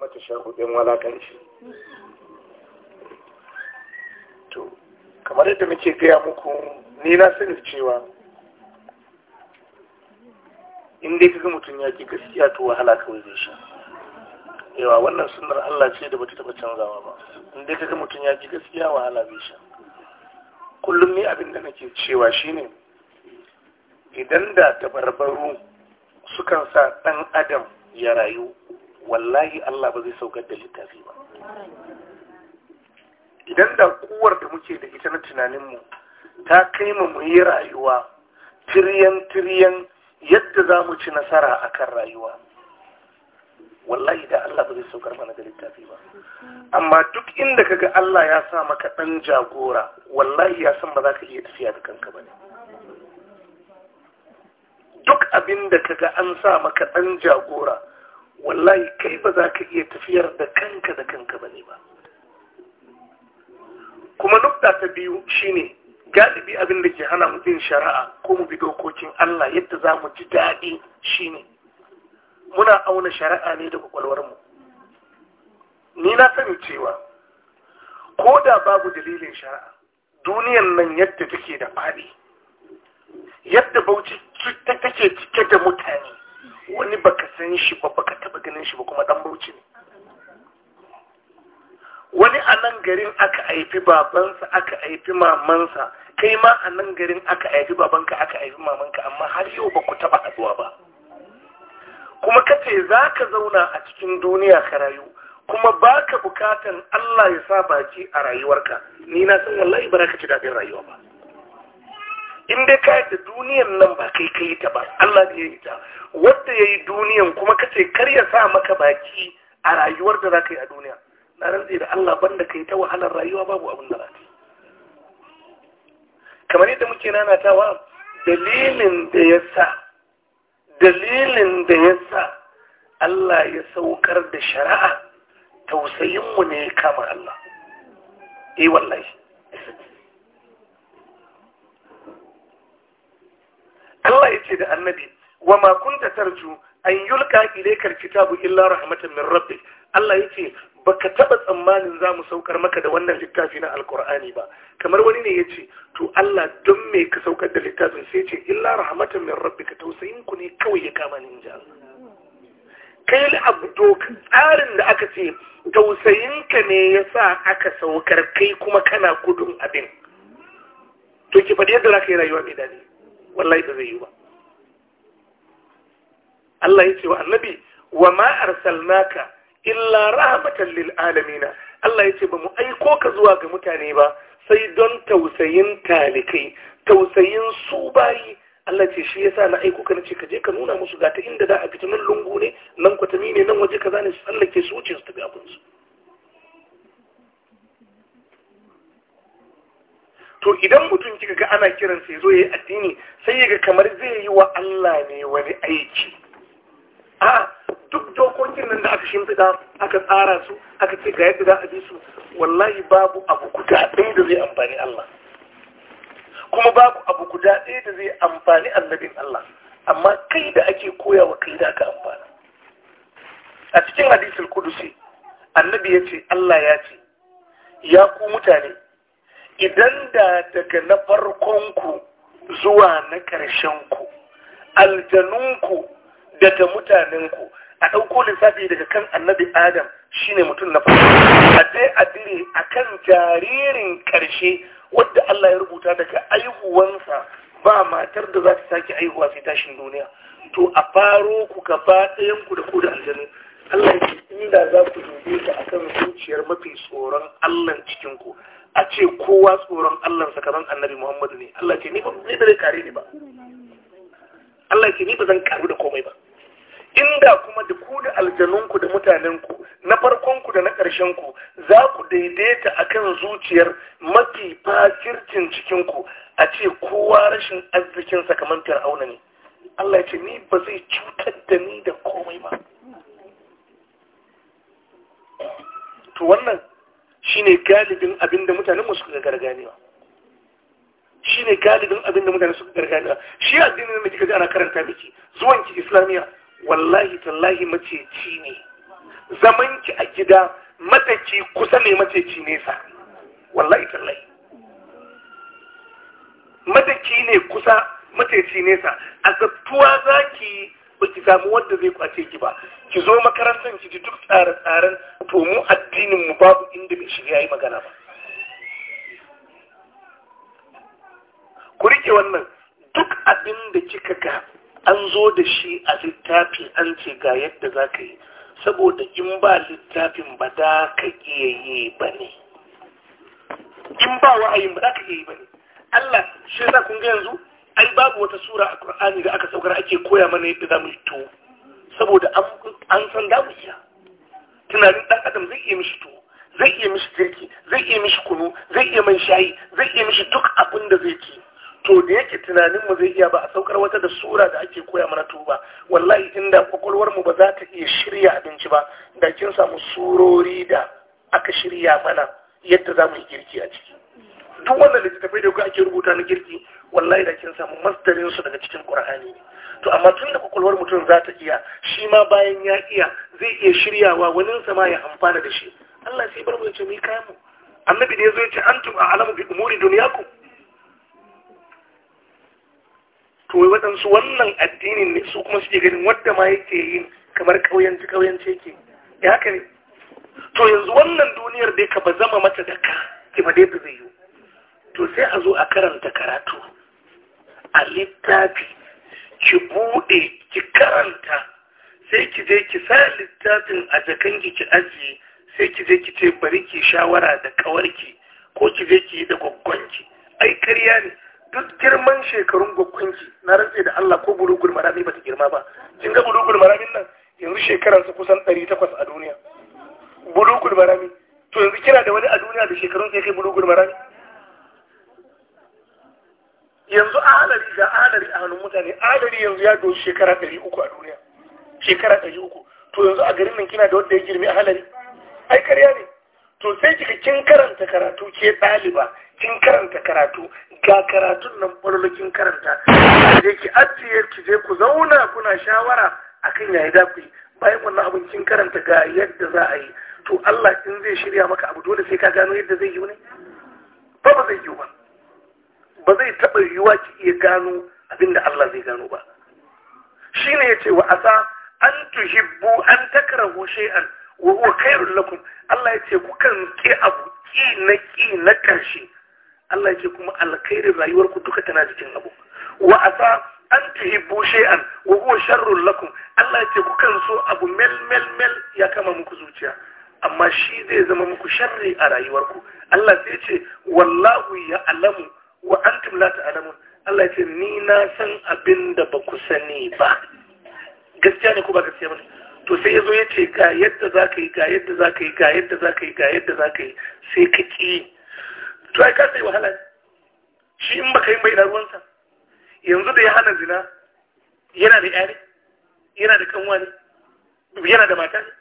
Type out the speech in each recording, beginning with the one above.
mata shagudin walakanci to kamar yadda muke gaya muku ni na sani cewa in dai kaga mutum ya ki gaskiya to wahala kawai zai sha yawa wannan sunnar Allah ce da bata taba canzawa ba in dai kaga mutum ya ki gaskiya wahala zai sha kullum ni abin da nake cewa shine idan da tabarbaru sukan sa ɗan adam ya rayu wallahi Allah ba zai saukar da littafi ba idan da kuwar da muke da ita na tunaninmu ta kai mu mu yi rayuwa tiriyan tiriyan yadda za mu ci nasara a kan rayuwa wallahi da Allah ba zai saukar mana da littafi ba amma duk inda kaga Allah ya sa maka ɗan jagora wallahi ya san ba za ka iya tafiya da kanka ba ne duk abin da kaga an sa maka ɗan jagora wallahi kai ba za ka iya tafiyar da kanka da kanka ba ne ba kuma nukta ta biyu shine galibi abin da ke hana mutum shari'a ko mu bi dokokin Allah yadda za mu ji daɗi shine muna auna shari'a ne da kwakwalwar mu. ni na sani cewa ko da babu dalilin shari'a duniyan nan yadda take da faɗi yadda bauchi take cike da mutane wani baka san shi ba baka taba ganin shi ba kuma dan bauchi ne wani a nan garin aka haifi babansa aka haifi mamansa kai ma a nan garin aka haifi babanka aka haifi mamanka amma har yau ba ku taba haduwa ba kuma kace za ka zauna a cikin duniya ka rayu kuma baka bukatan Allah ya sa baki a rayuwarka ni na san wallahi ba za ka ci daɗin rayuwa ba in dai ka yadda duniyan nan ba kai ka ta ba Allah ne ya yi ta wanda ya yi duniyan kuma ka ce kar ya sa maka baki a rayuwar da za ka yi a duniya na rantse da Allah banda ka ta wahalar rayuwa babu abin da za kamar yadda muke nanatawa dalilin da ya sa dalilin da ya sa Allah ya saukar da shari'a tausayinmu ne kama Allah eh wallahi ce da annabi wa ma kunta tarju an yulka ilayka alkitabu illa rahmatan min rabbik Allah yace baka taba tsammanin za mu saukar maka da wannan littafi na alkur'ani ba kamar wani ne yace to Allah don me ka saukar da littafin sai yace illa rahmatan min rabbika tausayin ku ne kawai ya kama ni inji kai al'abdo tsarin da aka ce tausayinka ne yasa aka saukar kai kuma kana gudun abin to ki faɗi yadda za ka yi rayuwa mai daɗi wallahi ba zai yi ba Allah ya ce wa annabi wa ma arsalnaka illa rahmatan lil alamin Allah ya ce ba mu aiko ka zuwa ga mutane ba sai don tausayin talikai tausayin su bayi Allah ce shi yasa na aiko ka nace ka je ka nuna musu ga ta inda da a fita nan lungu ne nan kwatami ne nan waje kaza ne su tsallake su wuce su tafi abin su to idan mutum kika ga ana kiransa ya zo yayi addini sai ya kamar zai yi wa Allah ne wani aiki a duk dokokin nan da aka shimfiɗa aka tsara su aka ce ga yadda za a bi su wallahi babu abu guda ɗaya da zai amfani Allah kuma babu abu guda ɗaya da zai amfani annabin Allah amma kai da ake koya wa kai da aka amfana a cikin hadisul kudusi annabi ya ce Allah ya ce ya ku mutane idan da daga na farkonku zuwa na ƙarshenku aljanunku daga mutanenku a ɗauko lissafi daga kan annabi adam shine mutum na farko a je a dire a kan jaririn ƙarshe wadda Allah ya rubuta daga aihuwansa ba matar da za ta sake aihuwa sai tashin duniya to a faro ku gaba ɗayanku da ku da aljanu Allah ya inda za ku dube ta kan zuciyar mafi tsoron Allah cikin ku a ce kowa tsoron Allah sakamakon annabi Muhammadu ne Allah ce ni ba zai kare ni ba Allah ce ni ba zan karu da komai ba inda kuma da ku da aljanunku da mutanenku na farkonku da na ƙarshenku za ku daidaita a kan zuciyar mafi fakircin cikinku a ce kowa rashin arzikin sakamantar auna ne Allah ce ni ba zai cutar da ni da komai ba to wannan shine galibin abin da mutanen mu suka shi shine galibin abin da mutane suka gargajiya, shi addinin da kika ji ana karanta miki zuwanki islamiyya. wallahi tallahi maceci ne zamanki a gida mataki kusa ne maceci nesa wallahi tallahi mataki ne kusa mateci nesa a zattuwa za ki ba ki samu wanda zai kwace ki ba ki zo makarantar ki ji duk tsare-tsaren to mu addinin mu babu inda bai shirya yi magana ba ku rike wannan duk abin da kika ga an zo da shi a littafi an ce ga yadda za ka yi saboda in ba littafin ba da ka iya yi ba ne in ba wa'ayin ba za ka iya yi ba ne Allah shi za kun ga yanzu ai babu wata sura a Qur'ani da aka saukar ake koya mana yadda za mu yi to saboda an san da mu tunanin dan adam zai iya mishi to zai iya mishi jirki, zai iya mishi kunu zai iya man shayi zai iya mishi duk abin da zai ci to da yake tunanin mu zai iya ba a saukar wata da sura da ake koya mana tuba wallahi inda kwakwalwar mu ba za ta iya shirya abinci ba da kin samu surori da aka shirya mana yadda za mu yi girki a ciki duk wannan littattafai da ake rubuta na girki wallahi da kin samu masdarin su daga cikin qur'ani to amma tun da kwakwalwar mutum za ta iya shi ma bayan ya iya zai iya shiryawa wani sama ya amfana da shi Allah sai bar mu ya ce mu yi kayan mu annabi da ya zo ya ce antum a'lamu bi umuri dunyakum to wai waɗansu wannan addinin ne su kuma suke ganin wadda ma yake yin kamar ƙauyanci ƙauyanci ke ya haka ne to yanzu wannan duniyar dai ka ba zama mata da ka ki ba dai zai yi to sai a zo a karanta karatu a littafi ki buɗe ki karanta sai ki je ki sa littafin a jakanki ki ajiye sai ki je ki ce bari ki shawara da ƙawarki ko ki je ki yi da gwaggwanki ai karya ne duk girman shekarun gwaggwanki na rantse da Allah ko bulugul marami ba ta girma ba kin ga bulugul maramin nan yanzu shekaran su kusan 800 a duniya bulugul marami to yanzu kina da wani a duniya da shekarun sai kai bulugul marami yanzu alari ga alari a hannun mutane alari yanzu ya doshi shekara 300 a duniya shekara 300 to yanzu a garin nan kina da wanda ya girme alari ai ƙarya ne to sai kika kin karanta karatu ke ɗaliba kin karanta karatu ga karatun nan ɓarlokin karanta je ki ajiye ki je ku zauna kuna shawara akan yayi da ku bayan wannan abin kin karanta ga yadda za a yi to Allah in zai shirya maka abu dole sai ka gano yadda zai yi ne ba ba zai yi ba ba zai taɓa yiwuwa ki iya gano abin da Allah zai gano ba shine yace wa asa an tuhibbu an takrahu shay'an wa huwa lakum Allah yace kukan ki abu ki na ki na karshe Allah yace kuma alkhairin rayuwar ku duka tana cikin abu wa asa an tuhibbu shay'an wa huwa sharrun lakum Allah yace kukan so abu mel mel mel ya kama muku zuciya amma shi zai zama muku sharri a rayuwarku Allah sai ce wallahu ya alamu wa antum la ta'lamun Allah ya ni na san abinda ba ku sani ba gaskiya ne ko ba gaskiya ba to sai ya zo ya ce ga yadda za ka yi ga yadda za ka yi ga yadda za ka yi ga yadda za ka yi sai ka ƙi to ai ka sai wahala shi in baka yi mai na ruwansa yanzu da ya hana zina yana da yare yana da kanwa ne yana da mata ne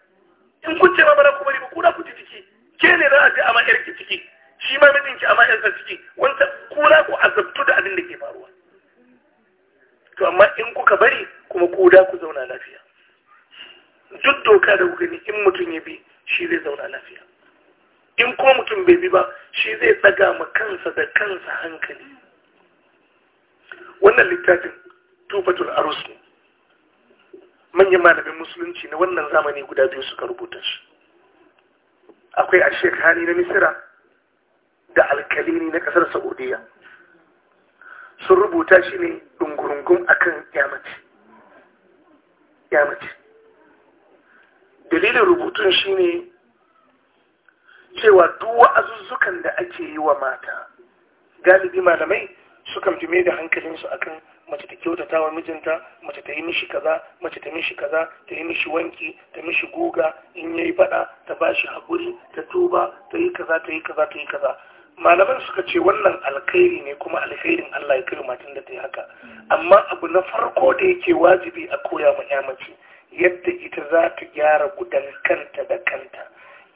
in kun ce ma bana ku bari ba ku na ku ciki ke ne za a ce amma yarki ciki shi ma mijin ki amma yarsa ciki wanda ku na ku azabtu da abin da ke faruwa to amma in kuka bari kuma ku da ku zauna lafiya duk doka da gani in mutum ya bi shi zai zauna lafiya in ko mutum bai bi ba shi zai tsaga ma kansa da kansa hankali wannan littafin tufatul arus ne manyan malamin musulunci na wannan zamani guda biyu suka rubuta shi akwai ashekani na misira da alkalini na kasar saudiya sun rubuta shi ne dungurungun akan yamaci yamaci dalilin rubutun shine cewa duk wa'azuzzukan da ake yi wa mata galibi malamai sukan fi mai da hankalinsu akan mace ta kyautata wa mijinta mace ta yi mishi kaza mace ta mishi kaza ta yi mishi wanki ta mishi guga in ya yi fada ta ba shi hakuri ta tuba ta yi kaza ta yi kaza ta yi kaza malaman suka ce wannan alkhairi ne kuma alkhairin Allah ya kira matan da ta yi haka amma abu na farko da yake wajibi a koya ma ya mace yadda ita za ta gyara gudan kanta da kanta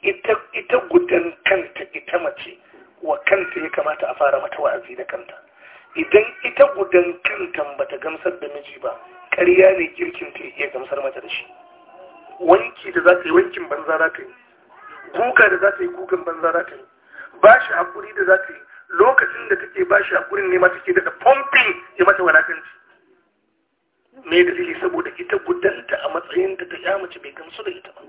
ita gudan kanta ita mace wa kanta ya kamata a fara mata wa'azi da kanta idan ita gudan kanta ta gamsar da miji ba karya ne kirkin ta iya gamsar mata da shi wanki da za ta yi wankin banza za ta yi guga da za ta yi gugan banza za ta yi ba shi haƙuri da za ta yi lokacin da take ba shi haƙurin ne ma take daga pumping ya mata walakanci ne da suke saboda ita gudanta a matsayin da ta yamace bai gamsu da ita ba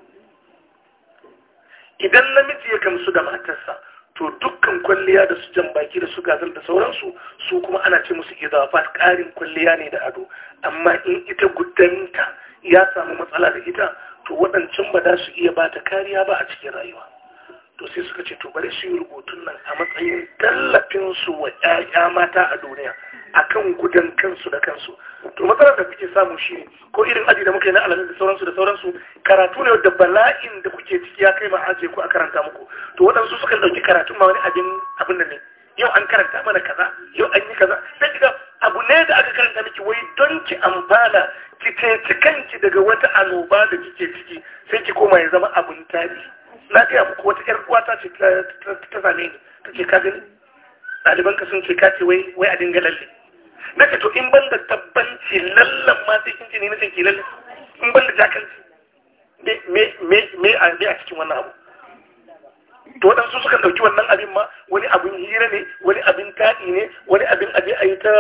idan namiji ya gamsu da matarsa to dukkan kwalliya da su jan baki da su gazar da sauransu su kuma ana ce musu zafa karin kwalliya ne da ado amma in ita gudanta ya samu matsala da ita to waɗancan ba za su iya ba ta kariya ba a cikin rayuwa to sai suka ce to bari su yi rubutun nan a matsayin tallafin su wa 'ya'ya mata a duniya akan gudan kansu da kansu to matsalar da kuke samu shi ko irin aji da muka yi na alamin da sauransu da sauransu karatu ne wadda bala'in da kuke ciki ya kai ma ku a karanta muku to waɗansu sukan ɗauki karatun ma wani abin abin da ne yau an karanta mana kaza yau an yi kaza sai kiga abu ne da aka karanta miki wai don ki amfana ki ceci kanki daga wata annoba da kike ciki sai ki koma ya zama abun tarihi na gaya muku wata yar uwa ta ce ta same ni ta ce ka gani ɗaliban ka sun ce ka ce wai wai a dinga lalle na ce to in ban da tabbanci lallan ma sai kin ce ne na ce ke lalle in ban da jakanci me me me a cikin wannan abu to waɗansu suka ɗauki wannan abin ma wani abin hira ne wani abin taɗi ne wani abin abin a yi ta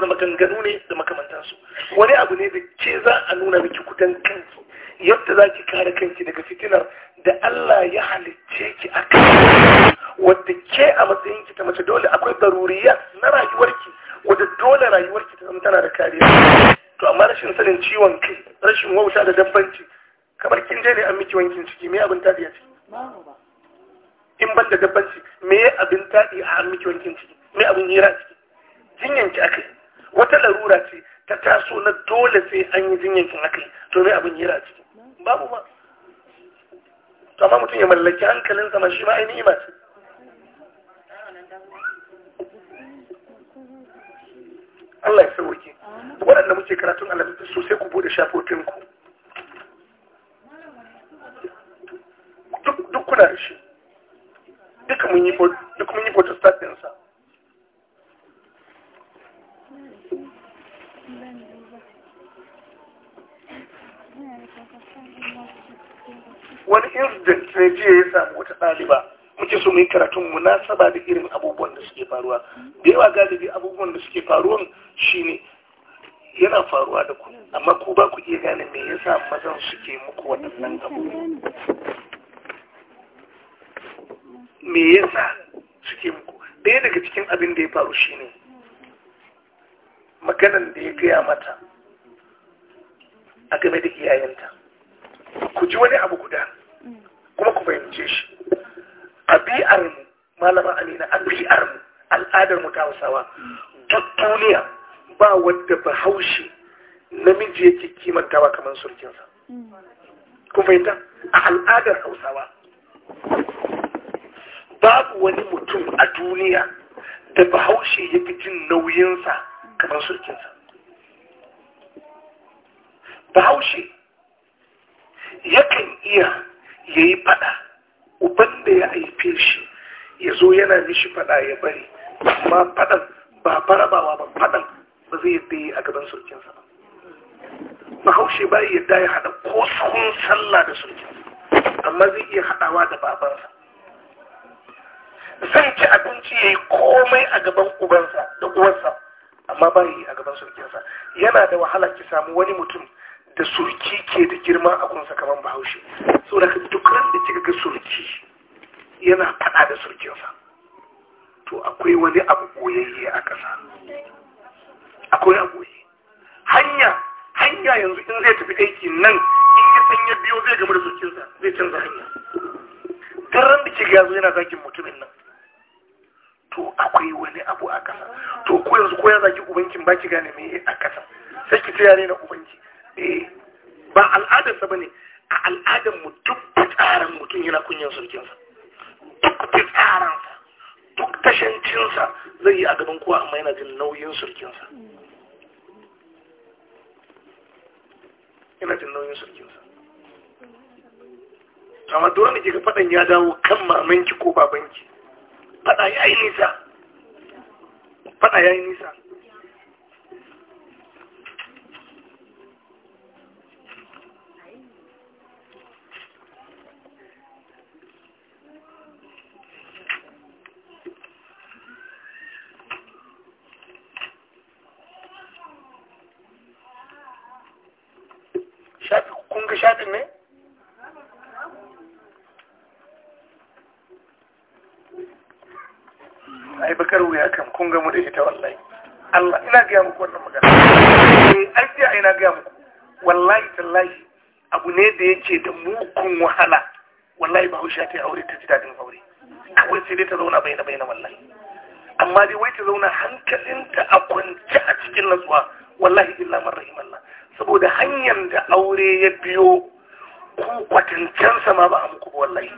zama ganganu ne da makamantansu wani abu ne da ke za a nuna miki kudan kansu yadda za ki kare kanki daga fitinar da Allah ya halicce ki a kan wadda ke a matsayin ki ta mace dole akwai daruriya na rayuwarki wadda dole rayuwarki ta zama tana da kariya to amma rashin sanin ciwon kai rashin wauta da dabbanci kamar kin je ne an miki wankin ciki me abin tafiya ciki da dabbanci me ya abin taɗi a hannun ki wankin ciki me abin hira ciki aka yi wata larura ce ta taso na dole sai an yi aka yi to me abin hira ciki babu ma to amma mutum ya mallaki hankalin sama shi ma ainihi ma ce Allah ya sauke waɗanda muke karatun alamta sosai ku bude ku duk kuna da shi duka mun yi duk mun yi protestant din sa wani incident ne jiya ya samu wata ɗaliba muke so mu yi karatun munasaba da irin abubuwan da suke faruwa da yawa galibi abubuwan da suke faruwan shine yana faruwa da ku amma ku ba ku iya gane me yasa mazan suke muku waɗannan abubuwan me yasa suke muku ɗaya daga cikin abin da ya faru shine maganan da ya gaya mata a game da iyayenta ku ji wani abu guda kuma ku fahimce shi abi'ar mu malama amina abi'ar mu al'adar mu ta hausawa duk duniya ba wadda bahaushe namiji yake kimantawa kamar surkinsa kun fahimta a al'adar hausawa babu wani mutum a duniya da bahaushe ya fi jin nauyinsa kamar surkinsa bahaushe yakan iya ya yi fada uban da ya haife shi ya zo yana mishi fada ya bari amma fadan ba farabawa ba fadan ba zai yadda yi a gaban surkinsa ba bahaushe ba yadda ya hada ko sahun sallah da surkinsa amma zai iya hadawa da babansa Zan ci abinci ya yi komai a gaban ubansa da uwansa, amma ba yi a gaban surkinsa yana da wahala ki samu wani mutum da surki ke da girma a kunsa kamar bahaushe saboda duk ran da kika ga surki yana faɗa da surkinsa to akwai wani abu goyayye a ƙasa akwai abu hanya hanya yanzu in zai tafi aiki nan in ya san ya biyo zai gama da surkinsa zai canza hanya Garan da kika yazo yana zakin mutumin nan to akwai wani abu a ƙasa to ko yanzu ko ya zaki ubankin baki gane me a ƙasa sai ki tsaya ne na ubanki eh ba al'adarsa bane a al'adar mu duk tsaran mutum yana kunyan sa duk sa duk tashancinsa zai yi a gaban kowa amma yana jin nauyin sa yana jin nauyin sa amma dole ne ga fadan ya dawo kan mamanki ko babanki faɗa ya yi nisa faɗa ya yi nisa ce da mukun wahala wallahi ba hausha ta aure ta ji daɗin aure kawai sai dai ta zauna bai na bai na wallahi amma dai wai ta zauna hankalinta a kwance a cikin nasuwa wallahi illa man Allah saboda hanyar da aure ya biyo ku kwatancan sama ba a muku ba wallahi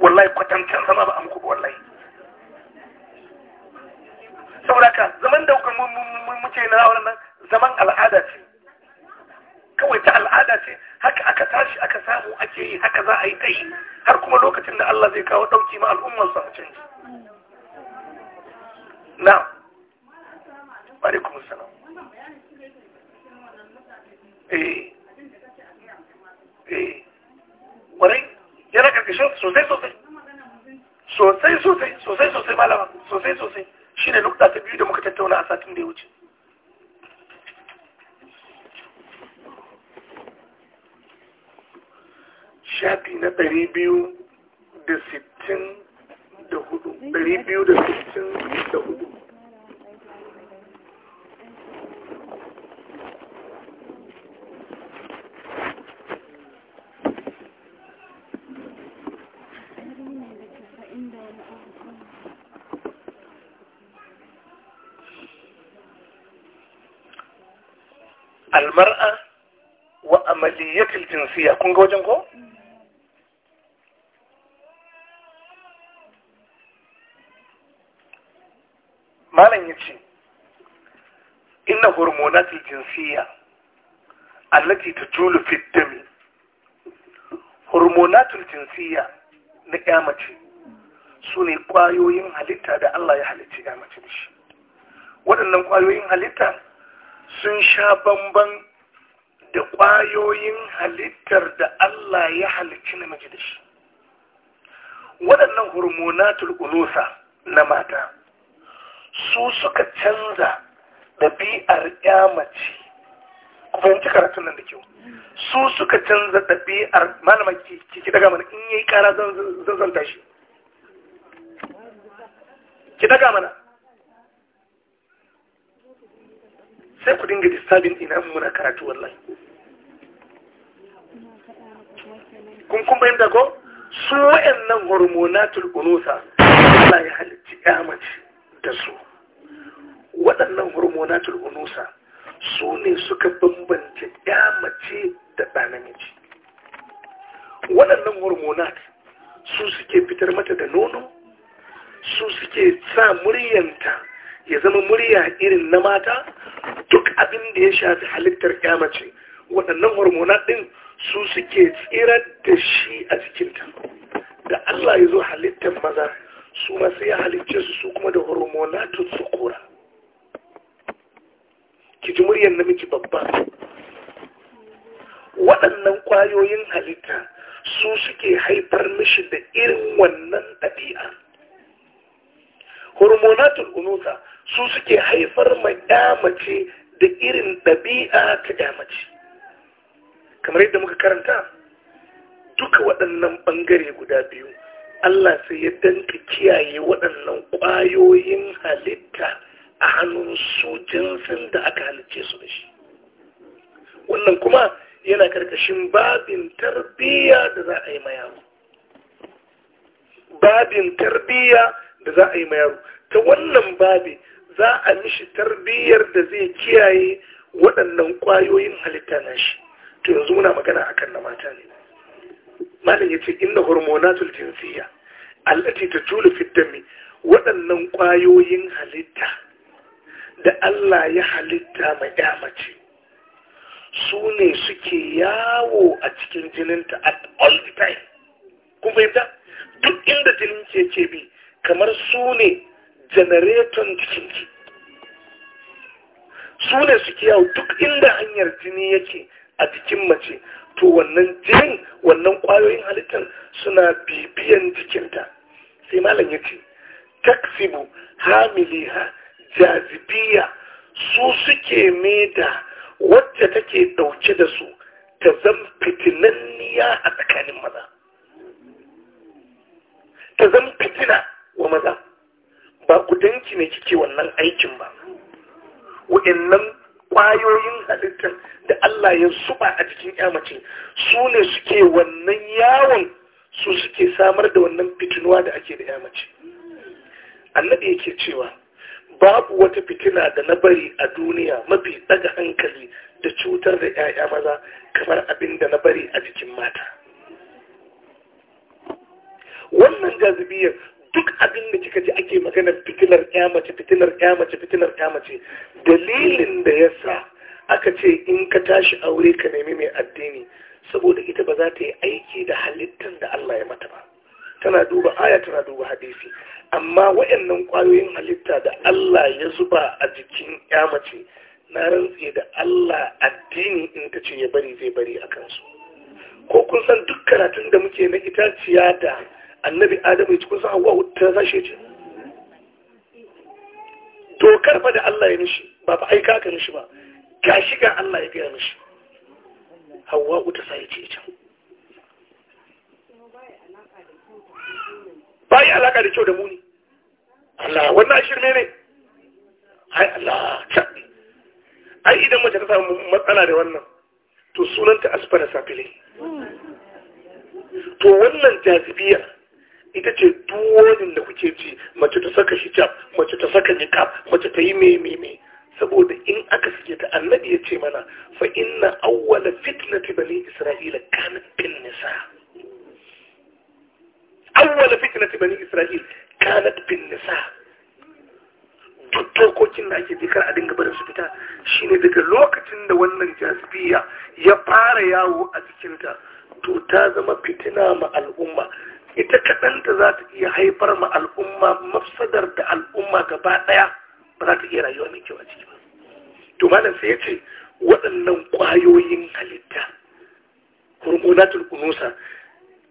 wallahi kwatancan sama ba a muku ba wallahi saboda ka zaman da muke na auren nan zaman al'ada ce kawai ta al'ada ce haka aka tashi aka samu ake yi haka za a yi ta yi har kuma lokacin da Allah zai kawo ɗauki ma al'ummar sa canji na bari kuma sana eh eh warai yana karkashin sosai sosai sosai sosai sosai sosai malama sosai sosai shine nukta ta biyu da muka tattauna a satin da ya wuce shafi na ɗari biyu da sittin da hudu ɗari biyu da sittin da hudu المرأة وأملية الجنسية كنت وجنكو؟ hormonat jinsiya allati ta fi dami hormonatul jinsiya na su ne kwayoyin halitta da Allah ya halicci da shi, waɗannan kwayoyin halitta sun sha bambam da kwayoyin halittar da Allah ya halicci namiji shi, waɗannan hormonatul unusa na mata su suka canza ɗabi'ar mace ku fahimci karatun nan da kyau su suka canza ɗabi'ar malama ki ki daga mana in yayi kara zan zan tashi ki daga mana sai ku dinga disturbing ina muna karatu wallahi kun kun bayyana ko su wa'annan hormonatul unusa Allah ya halicci ya mace da su waɗannan hormonatul unusa su ne suka bambanta ya mace da ɗanamici waɗannan hormonat su suke fitar mata da nono su suke sa muryanta ya zama murya irin na mata duk abin da ya shafi halittar ya mace waɗannan hormonat ɗin su suke tsirar da shi a jikinta da Allah ya zo halittar maza su masu ya halicce su kuma da su sukura ki ji muryar namiji babba waɗannan ƙwayoyin halitta su suke haifar mishi da irin wannan ɗabi'a hormonatul unusa su suke haifar ma mace da irin ɗabi'a ta mace kamar yadda muka karanta duka waɗannan ɓangare guda biyu Allah sai ya danka kiyaye waɗannan ƙwayoyin halitta a hannun su jinsin da aka halicce su da shi wannan kuma yana karkashin babin tarbiyya da za a yi yaro. babin tarbiyya da za a yi mayaru ta wannan babi za a mishi tarbiyyar da zai kiyaye waɗannan ƙwayoyin halitta na shi to yanzu muna magana a kan na mata ne malam yace inna hormonatul jinsiya allati tajulu fi dami waɗannan ƙwayoyin halitta da Allah ya halitta mai mace su ne suke yawo a cikin jininta at all the time kun fahimta duk inda jinin ke ce bi kamar su ne janareton jikinki su ne suke yawo duk inda hanyar jini yake a jikin mace to wannan jinin wannan kwayoyin halittar suna bibiyan jikinta sai malam ya ce taksibu hamiliha jazibiya su suke da wacce take dauke da su ta zan fitinanniya a tsakanin maza ta zan fitina wa maza ba ku danki ne kike wannan aikin ba wa'annan kwayoyin halittar da Allah ya suba a cikin mace su ne suke wannan yawon su suke samar da wannan fitinuwa da ake da yamace annabi yake cewa babu wata fitina da na bari a duniya mafi daga hankali da cutar da 'ya'ya maza kamar abin da na bari a jikin mata wannan jazibiyar duk abin da kika ji ake maganar fitilar 'ya mace fitilar 'ya mace fitilar 'ya mace dalilin da ya sa aka ce in ka tashi aure ka nemi mai addini saboda ita ba za ta yi aiki da halittar da Allah ya mata ba tana duba aya tana duba hadisi amma wayannan kwayoyin halitta da Allah ya zuba a jikin ya mace na rantse da Allah addini in ta ce ya bari zai bari a kansu ko kun san duk karatun da muke na itaciya da annabi adamu ya ci kun san hawa ta zashe ce dokar fa da Allah ya nishi ba fa aika ka nishi ba gashi shiga Allah ya biya nishi hawa ta sai ce can ba yi alaka da kyau da muni Allah wannan shirme ne ai Allah ai idan mace ta samu matsala da wannan to sunanta asfara safile to wannan jazibiya ita ce duwanin da kuke ci mace ta saka hijab mace ta saka niqab mace ta yi meme saboda in aka suke ta annabi ya ce mana fa inna awwala fitnati bani isra'ila kanat bin nisa' awwal fitnati bani isra'il kanat bin nisa duk dokokin da ake bikar a dinga barin su fita shine daga lokacin da wannan jasibiya ya fara yawo a cikinta to ta zama fitina ma al'umma ita kaɗanta za ta iya haifar ma al'umma mafsadar da al'umma gaba ɗaya ba za ta iya rayuwa mai kyau a ciki ba to malam sai ya waɗannan kwayoyin halitta hormonatul kunusa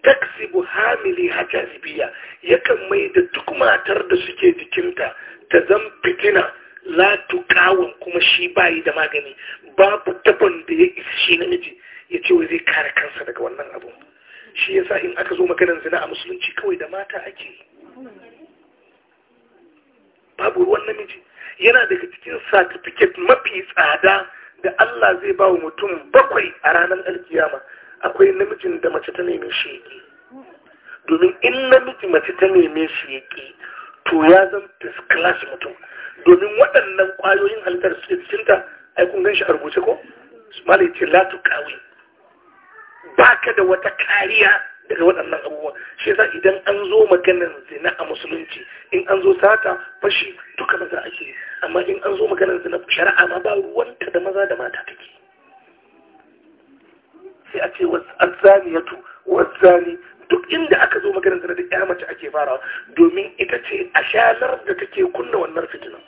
taksibu hamili zibiya yakan mai da duk matar da suke jikinta ta zan fitina latu kawun kuma shi bayi da magani babu tabon da ya isa shi namiji ya ce wai zai kare kansa daga wannan abu shi yasa in aka zo maganar zina a musulunci kawai da mata ake babu ruwan namiji yana daga cikin satifiket mafi tsada da Allah zai ba wa mutum bakwai a ranar alkiyama akwai namijin da mace ta neme shi domin in namiji mace ta nemi shi to ya zan first class mutum domin waɗannan ƙwayoyin halittar suke cikinta ai kun gan shi a rubuce ko malai ce la tu ba ka da wata kariya daga waɗannan abubuwa shi yasa idan an zo maganar zina a musulunci in an zo sata fashi duka maza ake amma in an zo maganar zina shari'a ma ba ruwanta da maza da mata take sai a ce wazzaniyatu wazzani duk inda aka zo maganar zina da ya mace ake farawa domin ita ce a shalar da take kunna wannan fitinan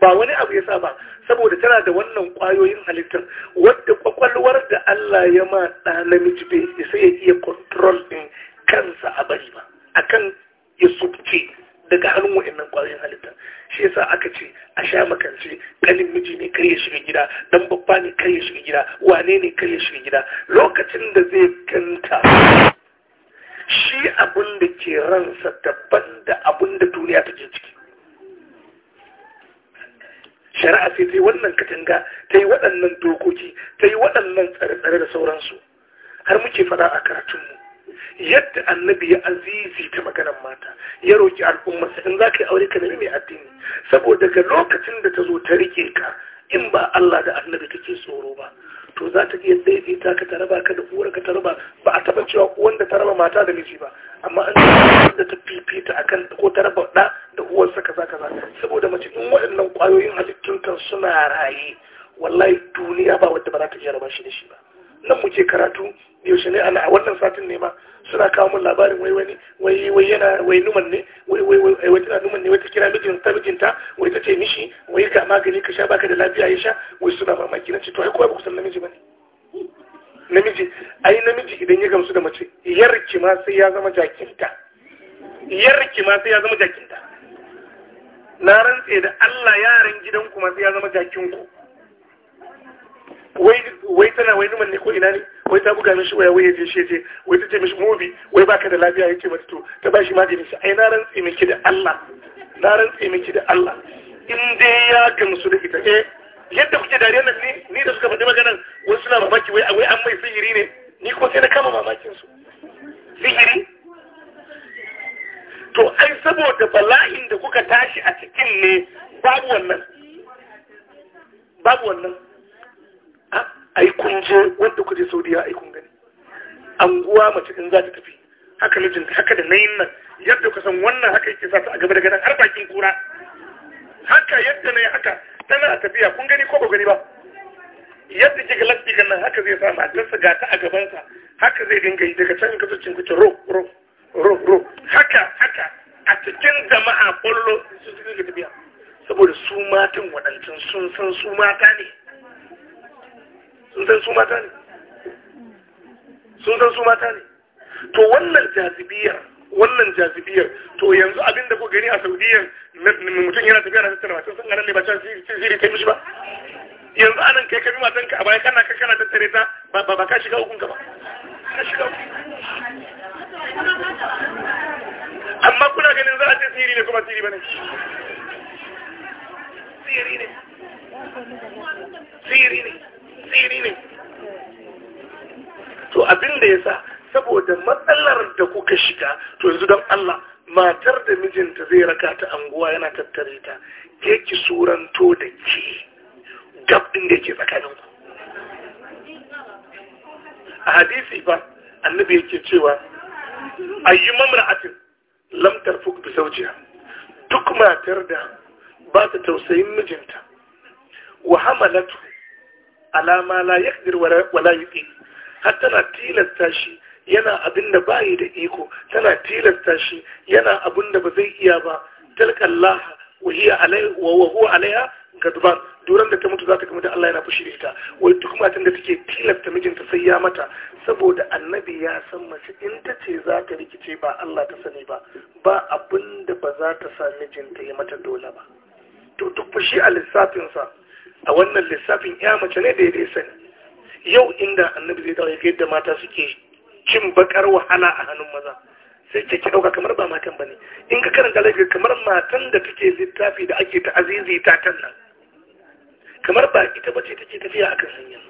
ba wani abu ya sa ba saboda tana da wannan kwayoyin halittar wadda kwakwalwar da Allah ya ma ɗa namiji bai sai ya iya kontrol din kansa a bari ba akan ya subce daga hannun wa'annan kwayoyin halitta shi yasa aka ce a sha makance kanin miji ne kar ya shiga gida dan babba ne kar ya shiga gida wane ne kar ya shiga gida lokacin da zai ganta shi abin da ke ransa daban da abin da duniya take ciki shari'a sai ta yi wannan katanga ta yi waɗannan dokoki ta yi waɗannan tsare-tsare da sauransu har muke fada a karatunmu yadda annabi ya azizi ta maganar mata ya roƙi al'ummarsa in za ka yi aure ka nemi mai addini saboda ga lokacin da ta zo ta rike ka in ba Allah da annabi kake tsoro ba to za ta iya daidaita ka ta ka da uwar ka ta ba a taɓa cewa uwan da ta raba mata da miji ba amma an da ta fifita kan ko ta raba da da uwar sa kaza kaza saboda mace in waɗannan kwayoyin halittun suna raye wallahi duniya ba wadda ba za ta iya raba shi da shi ba nan muke karatu yaushe ne a wannan satin ne ma suna kawo min labarin wai wani wai wai yana wai numan ne wai wai wai tana numan ne wai ta kira mijin ta mijin ta wai ta ce mishi wai ka magani ka sha baka da lafiya ya sha wai suna mamaki na ce to ai ko ba ku san namiji bane namiji ai namiji idan ya gamsu da mace yarki ma sai ya zama jakinta yarki ma sai ya zama jakinta na rantse da Allah yaran gidanku ma sai ya zama jakinku wai tana wai numan ne ko ina ne wai ta buga mishi waya waye shi je wai ta ce mishi mobi wai baka da lafiya yake ce mata to ta bashi magani shi ai na rantse miki da Allah na rantse miki da Allah in dai ya gamsu da ita eh yadda kuke dariya nan ni ni da suka faɗi maganar wasu suna mamaki wai wai an mai sihiri ne ni ko sai na kama mamakin su sihiri to ai saboda bala'in da kuka tashi a cikin ne babu wannan babu wannan ai kun je wanda kuje saudiya ai kun gani anguwa mace in za ta tafi haka mijin haka da nayin nan yadda ka san wannan haka yake sa ta a gaba da gadan har bakin kura haka yadda na yi haka tana tafiya kun gani ko ba gani ba yadda kika lafikan nan haka zai sa matarsa ga ta a gabansa haka zai dinga yi daga can ka zucin kuce ro ro ro ro haka haka a cikin jama'a kwallo su suke tafiya saboda su matan waɗancan sun san su mata ne sun san su mata ne sun san su mata ne to wannan jazibiyar wannan jazibiyar to yanzu abin da ku gani a saudiyar mutum yana tafiya na tattara matan sun ganin ne ba can siri ta mishi ba yanzu anan kai kami matan ka a baya kana kana tattare ta ba ba ka shiga hukunka ba ka shiga amma kuna ganin za a ce siri ne kuma siri ba ne siri ne siri ne tsiri ne to abin da ya sa saboda matsalar da kuka shiga to yanzu don Allah matar da mijinta zai raka ta anguwa yana tattare ta ke ki suranto da ke gab din da yake tsakaninku a hadisi ba annabi yake cewa ayyu mamra'atin lam tarfuk bi zawjiha duk matar da ba ta tausayin mijinta wa hamalatu alama la yaqdir wala yuqi har tana tilasta shi yana abin da bayi da iko tana tilasta shi yana abin da ba zai iya ba talqallah wa hiya alai wa huwa alaiha gadban duran da ta mutu za ta da Allah yana fushi da ita wai duk matan da take tilasta mijinta sai ya mata saboda annabi ya san mace in ta ce za ta rikice ba Allah ta sani ba ba abin da ba za ta sa mijinta ya mata dole ba to duk fushi a lissafinsa a wannan lissafin ya mace ne da ya sani yau inda annabi zai dawo yadda mata suke cin bakar wahala a hannun maza sai ce ki dauka kamar ba matan bane in ka karanta lafiya kamar matan da take littafi da ake ta azizi ta tan nan kamar ba ita bace take tafiya akan hanyar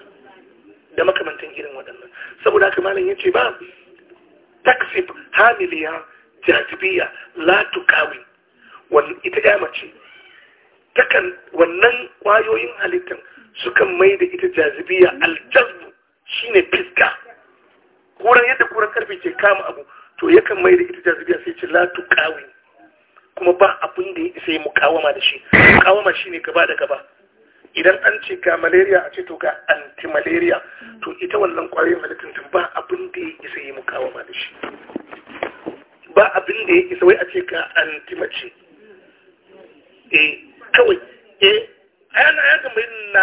da makamantan irin waɗannan saboda haka malam ce ba taksib hamiliya jazibiya la tuqawi wal ita ya mace takan wannan ƙwayoyin halittan sukan mai da ita jazibiya aljazbu shine fiska kuran yadda kuran karfe ke kama abu to yakan mai da ita jazibiya sai ce la tuqawi kuma ba abin da ya isa ya mukawama da shi mukawama shine gaba da gaba idan an ce ga malaria a ce to ga anti malaria to ita wannan ƙwayoyin halittan ba abin da ya isa ya mukawama da shi ba abin da ya isa wai a ce ga anti mace eh kawai eh ayan yaka mai na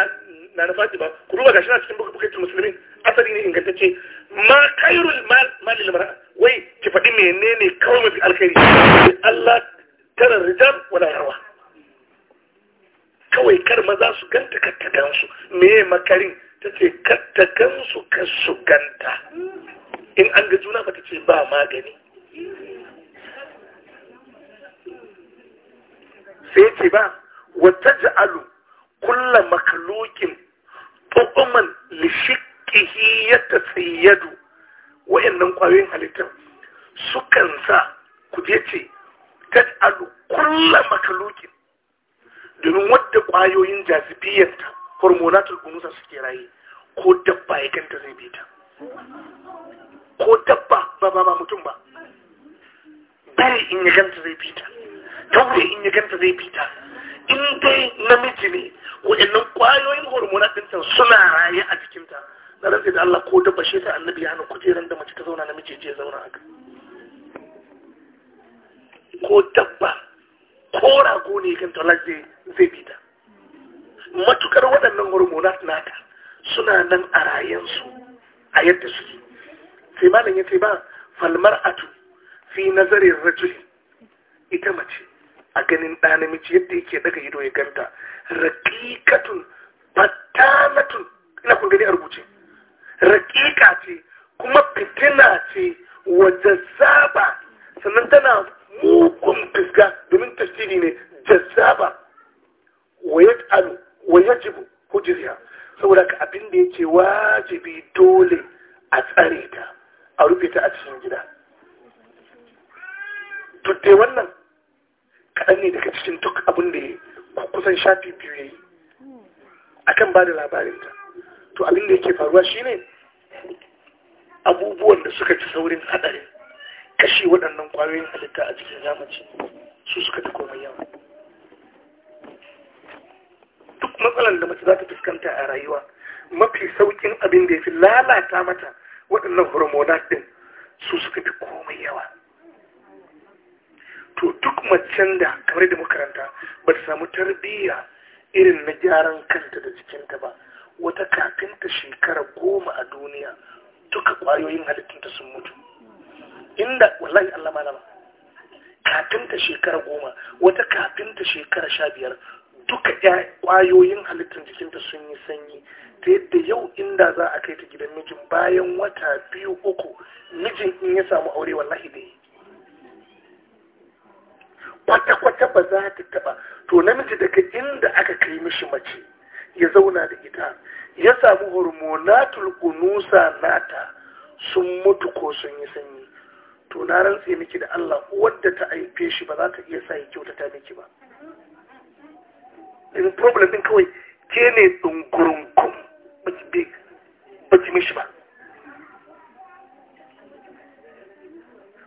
na na ba ku duba gashi na cikin bukatul musulmi asali ne ingantacce ma khairul mal mal lil mar'a wai ki fadi menene kawai mafi alkhairi Allah tara rijal wala yarwa kawai kar maza su ganta kar ta su, me makarin tace kar ta su kar su ganta in an ga juna ba ta ce ba magani sai ce ba wa taj'alu kulla makhluqin tuqman li shikkihi yatasayyadu wayannan kwayoyin halittar sukan sa ku je ce taj'alu kulla makhluqin domin wadda kwayoyin jazibiyanta hormonatul unusa suke raye ko dabba ya ganta zai fita. ko dabba ba ba ba mutum ba bari in ya ganta zai bi ta taure in ya ganta zai bi in dai namiji ne wa'annan kwayoyin hormonal ɗinta suna raye a jikinta na rantsi da Allah ko dabba shi ta annabi ya hana kujeran da mace ta zauna namiji je zauna haka ko dabba ko rago ne kan talar zai bi ta matukar waɗannan hormonal naka suna nan a rayensu a yadda suke sai malam ya ce ba falmar atu fi nazarin rajuli ita mace a ganin ɗa namiji yadda yake daga ido ya ganta raƙiƙatun fatanatun ina kun gani a rubuce raƙiƙa ce kuma fitina ce zaba. sannan tana mugun fisga domin tafsiri ne jazzaba wa yaj'alu wa yajibu saboda ka abin da yake wajibi dole a tsare ta a rufe ta a cikin gida tutte wannan kaɗan ne daga cikin duk abin da ya kusan shafi biyu ya yi akan ba da labarinta to abin da yake faruwa shine abubuwan da suka ci saurin haɗarin kashe waɗannan ƙwayoyin halitta a cikin yamaci su suka fi komai yawa duk matsalar da mace za ta fuskanta a rayuwa mafi saukin abin da ya fi lalata mata waɗannan hormonat ɗin su suka fi komai yawa to duk macen da kamar da makaranta ba ta samu tarbiyya irin na gyaran kanta da jikinta ba wata kafinta shekara goma a duniya duka kwayoyin halittunta sun mutu inda wallahi Allah malama kafinta shekara goma wata kafinta shekara sha biyar duka kwayoyin halittun jikinta sun yi sanyi ta yadda yau inda za a kai ta gidan mijin bayan wata biyu uku mijin in ya samu aure wallahi da yi kwata-kwata ba za ta taba to namiji daga inda aka kai mishi mace ya zauna da ita ya samu hormonatul unusa nata sun mutu ko sun yi sanyi to na rantse miki da Allah wadda ta aife shi ba za ta iya sa ya kyautata miki ba in problem din kawai ke ne dungurunkum ba ki mishi ba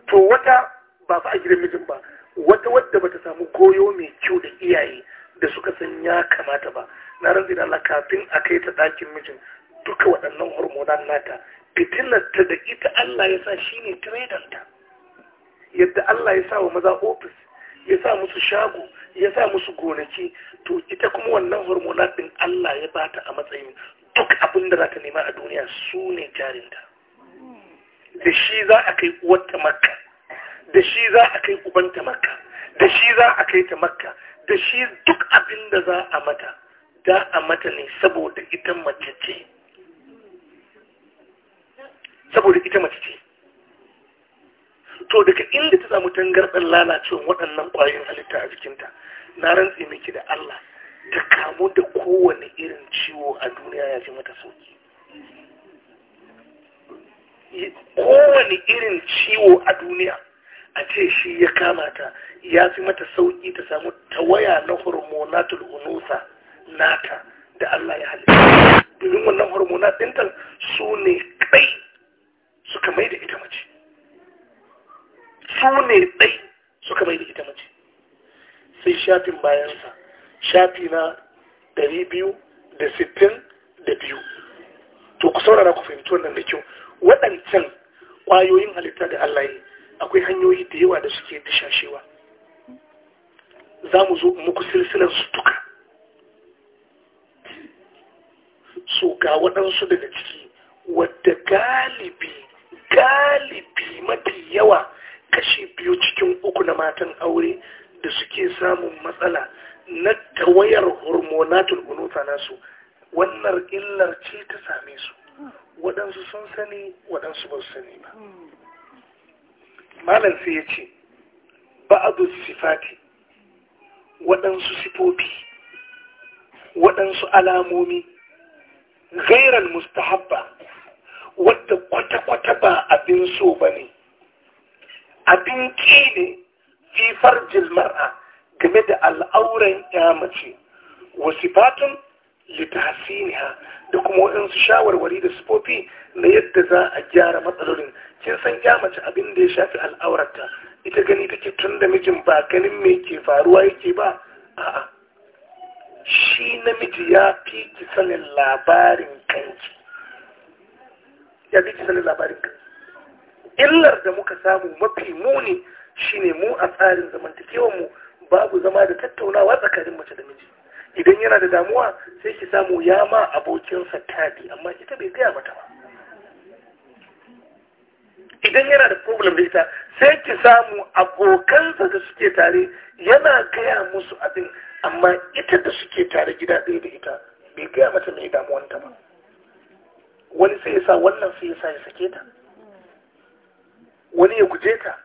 to wata ba fa a gidan mijin ba wata wadda bata samu goyo mai kyau da iyaye da suka san ya kamata ba na rantsi da Allah kafin a kai ta ɗakin mijin duka waɗannan hormonan nata fitilar ta da ita Allah ya sa shi ne ta yadda Allah ya sa wa maza ofis ya sa musu shago ya sa musu gonaki to ita kuma wannan hormonan ɗin Allah ya bata a matsayin duk abin da za ta nema a duniya su ne jarinta da shi za a kai uwarta makka da shi za a kai ubanta makka da shi za a kai ta makka da shi duk abin da za a mata da a mata ne saboda ita mace ce saboda ita mace ce to daga inda ta samu tangarɗar lalacewa waɗannan ƙwayoyin halitta a jikinta na rantse miki da Allah ta kamu da kowane irin ciwo a duniya ya ji mata sauki kowane irin ciwo a duniya a ce shi ya kamata, ta ya fi mata sauƙi ta samu tawaya na hormonatul unusa nata da Allah ya halitta domin wannan hormonat ɗinta su ne kai suka mai da ita mace su ne ɗai suka mai da ita mace sai shafin bayansa shafi na ɗari biyu da sittin da biyu to ku saurara ku fahimci wannan da kyau waɗancan ƙwayoyin halitta da Allah yi akwai hanyoyi da yawa da suke dishashewa za mu zo muku silsilar su so ga waɗansu daga ciki wadda galibi galibi mafi yawa kashe biyu cikin uku na matan aure da suke samun matsala na tawayar hormonatul unuta nasu wannan illar ce ta same su waɗansu sun sani waɗansu ba su sani ba malam sai ya ce ba'adu sifati waɗansu sifofi waɗansu alamomi gairan mustahabba wadda kwata-kwata ba abin so ba ne abin ki ne fi farjil game da al'auren ya mace wasu fatun litasiniya da kuma waɗansu shawarwari da sufofi na yadda za a gyara matsalolin kin san ya mace abin da ya shafi al'aurarta ita gani take tun da mijin ba ganin me ke faruwa yake ba a'a shi namiji ya fi ki sanin labarin kanki ya fi ki sanin labarin kanki illar da muka samu mafi muni shine mu a tsarin zamantakewa mu babu zama da tattaunawa tsakanin mace da miji idan yana da damuwa sai ki samu ya ma abokinsa taɗi amma ita bai gaya mata ba idan yana da problem da ita sai ki samu abokansa da suke tare yana gaya musu abin amma ita da suke tare gida ɗaya da ita bai gaya mata mai damuwanta ba wani sai ya sa wannan sai ya sa ya sake ta wani ya guje ta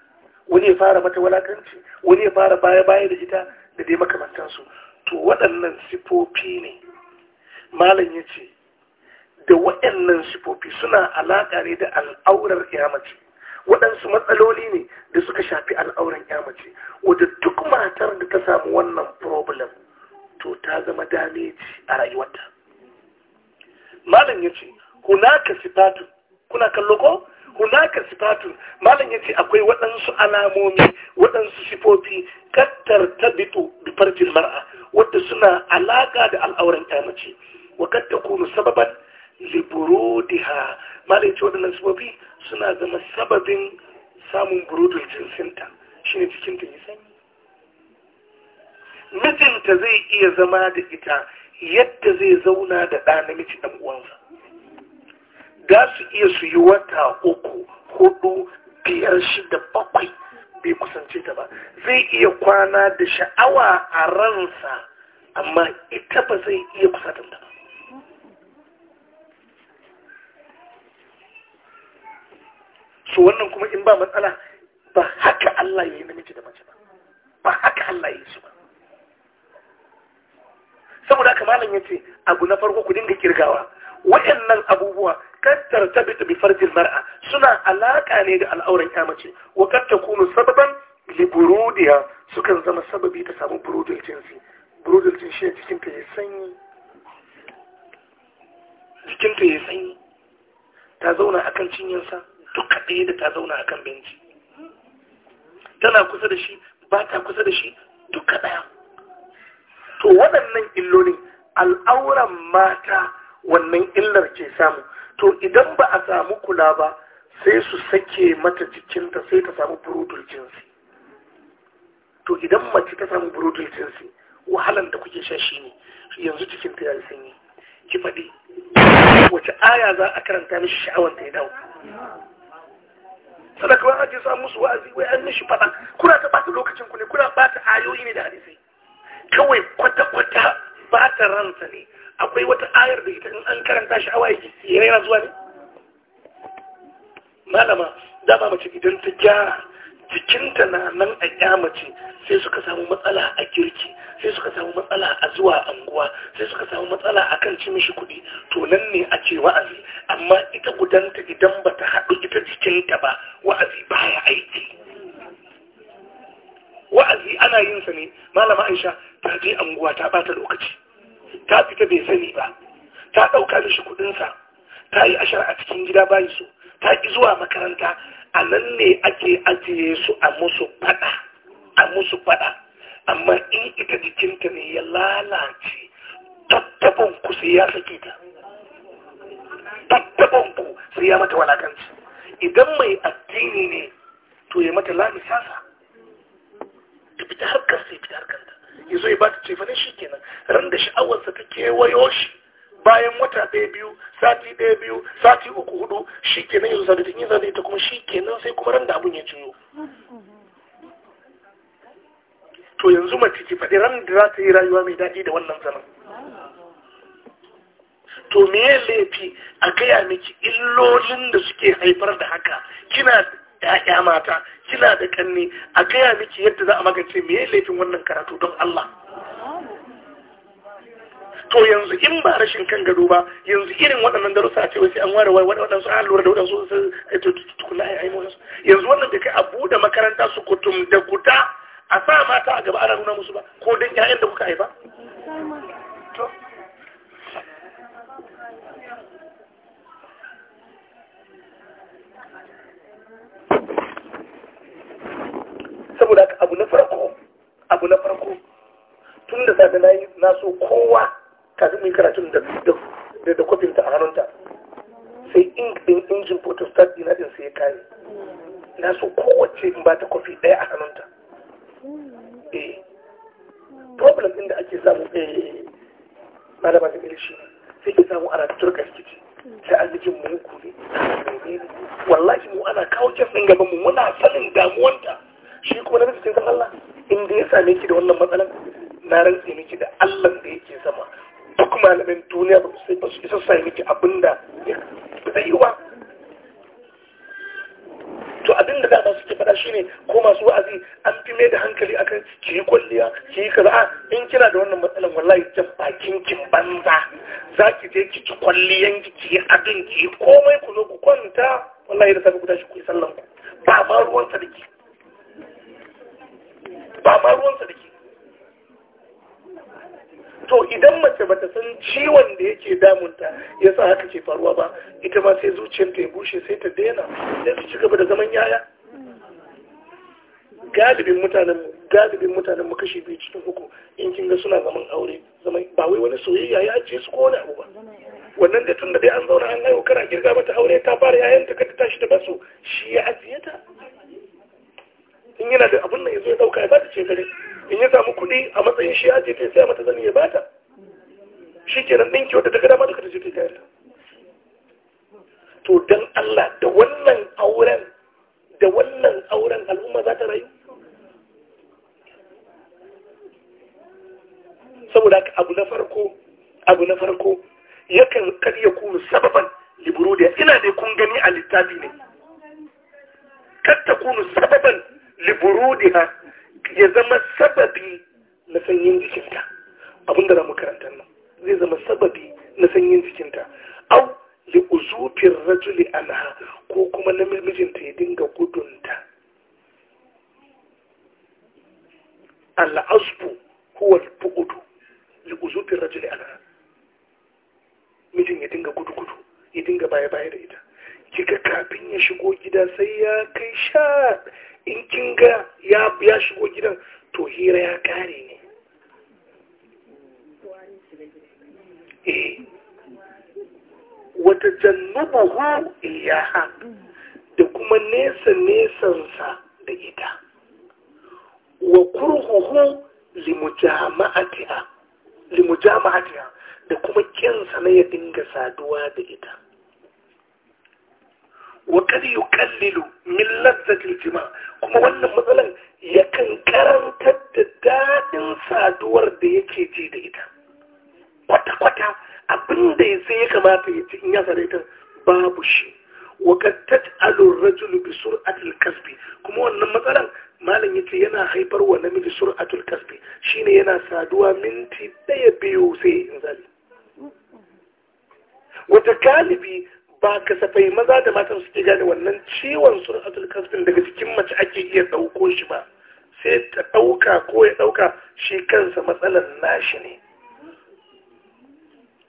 wani ya fara mata walakanci wani ya fara baya baya da ita da dai makamantansu to waɗannan sifofi ne malam ya ce da waɗannan sifofi suna alaƙa ne da al'aurar yamace waɗansu matsaloli ne da suka shafi al'auran yamace wadda duk matar da ta samu wannan problem to ta zama dameji a rayuwarta malam ya ce kuna ka sifatu kuna kallo ko hunaka sifatun malam yace akwai waɗansu alamomi waɗansu sifofi kattar ta bi farjil mar'a wanda suna alaka da al'auran ta mace wa kad takunu sababan li malam ya ce waɗannan sifofi suna zama sababin samun burudul jinsinta shine cikin ta sanyi mijinta zai iya zama da ita yadda zai zauna da ɗa namiji ɗan uwansa za su iya su yi wata uku hudu biyar shida bakwai bai kusance ta ba zai iya kwana da sha'awa a ransa amma ita ba zai iya kusatan ta ba so wannan kuma in ba matsala ba haka Allah ya yi namiji da mace ba ba haka Allah ya yi su ba saboda haka malam ya ce abu na farko ku dinga kirgawa waɗannan abubuwa kattar tabi bi farjin mar'a suna alaka ne da al'auran ya mace wa kat takunu sababan li sukan zama sababi ta samu burudul jinsi burudul jinsi cikin ta sanyi jikinta ta sanyi ta zauna akan cinyarsa duk kaɗai da ta zauna akan benci tana kusa da shi ba ta kusa da shi duk kaɗaya to waɗannan illolin al'auran mata wannan illar ke samu to idan ba a samu kula ba sai su sake mata jikinta sai ta samu brutal jinsi to idan mace ta samu brutal jinsi wahalan da kuke sha shi ne yanzu jikinta ya yi sanyi ki faɗi wace aya za a karanta mishi sha'awar ta ya dawo sadaka wani ake samu musu wa'azi wai an mishi faɗa kuna ta ɓata lokacin ku ne kuna bata ayoyi ne da hadisai kawai kwata-kwata bata ransa ne akwai wata ayar da ita in an karanta shi awa ya yana zuwa ne malama dama mace idan ta gyara jikinta na nan a kyamace sai suka samu matsala a kirki sai suka samu matsala a zuwa anguwa sai suka samu matsala a kan ci mishi kuɗi to nan ne a ce wa'azi amma ita gudanta idan ba ta haɗu ita jikinta ba wa'azi baya aiki wa'azi ana yin sa ne malama aisha ta je anguwa ta bata lokaci ta fita bai sani ba ta ɗauka shi kuɗinsa ta yi ashar a cikin gida bayi su ta ki zuwa makaranta a nan ne ake ajiye su a musu faɗa a musu faɗa amma in ita jikinta ne ya lalace tattabon ku sai ya sake ta tattabon ku sai ya mata walakanci idan mai addini ne to ya mata lamisasa ta fita harkar sai fita harkar ta ya zo ya ba ta shi kenan ran da sha'awarsa ta kewayo shi bayan wata ɗaya biyu sati ɗaya biyu sati uku hudu shi kenan yanzu sa tun yi zane ta kuma shi kenan sai kuma ran da abun ya juyo to yanzu mace ki faɗi ran da za ta yi rayuwa mai daɗi da wannan zaman to me ya laifi a kaya miki illolin da suke haifar da haka kina 'ya'ya mata kina da kanni a gaya miki yadda za a magance me laifin wannan karatu don Allah to yanzu in ba rashin kan gado ba yanzu irin waɗannan darussa ce wasu sai an ware wai waɗansu an lura da waɗansu su tukuna a yi yanzu wannan da kai a buɗe makaranta su kutum doesn't keep to don Allah da wannan auren da wannan auren al'umma za ta rayu saboda abu na farko abu na farko yakan karya kunu sababan liburudiya ina dai kun gani a littafi ne ta kunu sababan liburudiya ya zama sababi na sanyin jikinta abinda za mu karanta nan zai zama sababi na sanyin jikinta au li uzufin rajuli anha ko kuma namijinta ya dinga gudunta al'asbu huwa al-bu'du li uzufin rajuli anha mijin ya dinga gudu-gudu ya dinga baya-baya da ita kika kafin ya shigo gida sai ya kai sha in kin ga ya shigo gidan to hira ya kare ne wata jannubuhu iyaha da kuma nesa nesansa da ita wa kurhuhu limujama'atiha da kuma kinsa na ya dinga saduwa da ita wa kad yuqallilu min ladzatil jima' kuma wannan matsalan yakan karantar da daɗin saduwar da yake ji da ita kwata-kwata abin da ya sai ya kamata ya ci in ya ta babu shi wakat taj'alu rajulu bi sur'atil kasbi kuma wannan matsalan malam yace yana haifar wa namiji sur'atul kasbi shine yana saduwa minti daya biyu sai in zali wata galibi ba kasafai maza da matan suke gane wannan ciwon sur'atul kasbin daga cikin mace ake iya ɗauko shi ba sai ta ɗauka ko ya ɗauka shi kansa matsalar nashi ne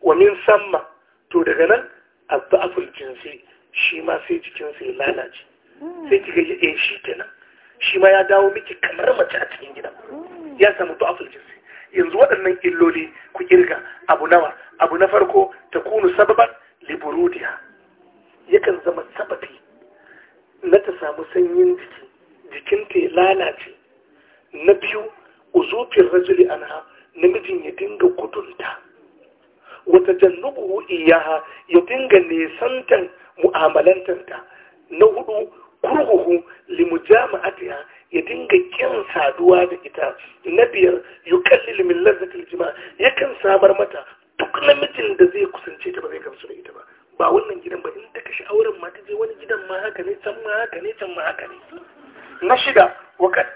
wa min samma to daga nan a azza'aful jinsi shi ma sai jikin ya lalace sai kika yi ɗaya shi kenan shi ma ya dawo miki kamar mace a cikin gidan ya samu du'aful jinsi yanzu waɗannan illoli ku kirga abu nawa abu na farko ta kunu sababan liburudiya yakan zama sababi na ta samu sanyin jiki jikinta ya lalace na biyu uzufin rajuli anha namijin ya dinga gudunta wata jannubu iyaha ya dinga nesantan mu'amalantanta na hudu kurhuhu limujama'atiha ya dinga kin saduwa da ita na biyar yukallil min lazzatil jima yakan samar mata duk namijin da zai kusance ta ba zai gamsu da ita ba ba wannan gidan ba in ta kashi auren ma ta je wani gidan ma haka ne can ma haka ne can ma haka ne na shida وقد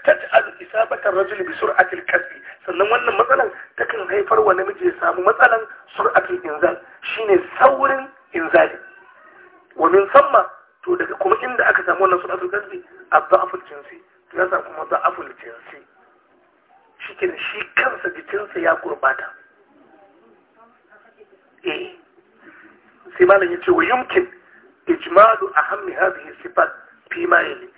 isabatar rajul bi suratil kasbi sannan wannan matsalan takan haifar wa namiji ya samu matsalan sur'atil inzal shine saurin inzali wa min samma to daga kuma inda aka samu wannan sur'atul kasbi adda'aful jinsi to ya samu kuma da'aful jinsi shikenan shi kansa jikinsa ya gurbata eh sai malam yace wa yumkin ijmalu ahammi hadhihi sifat fi ma yali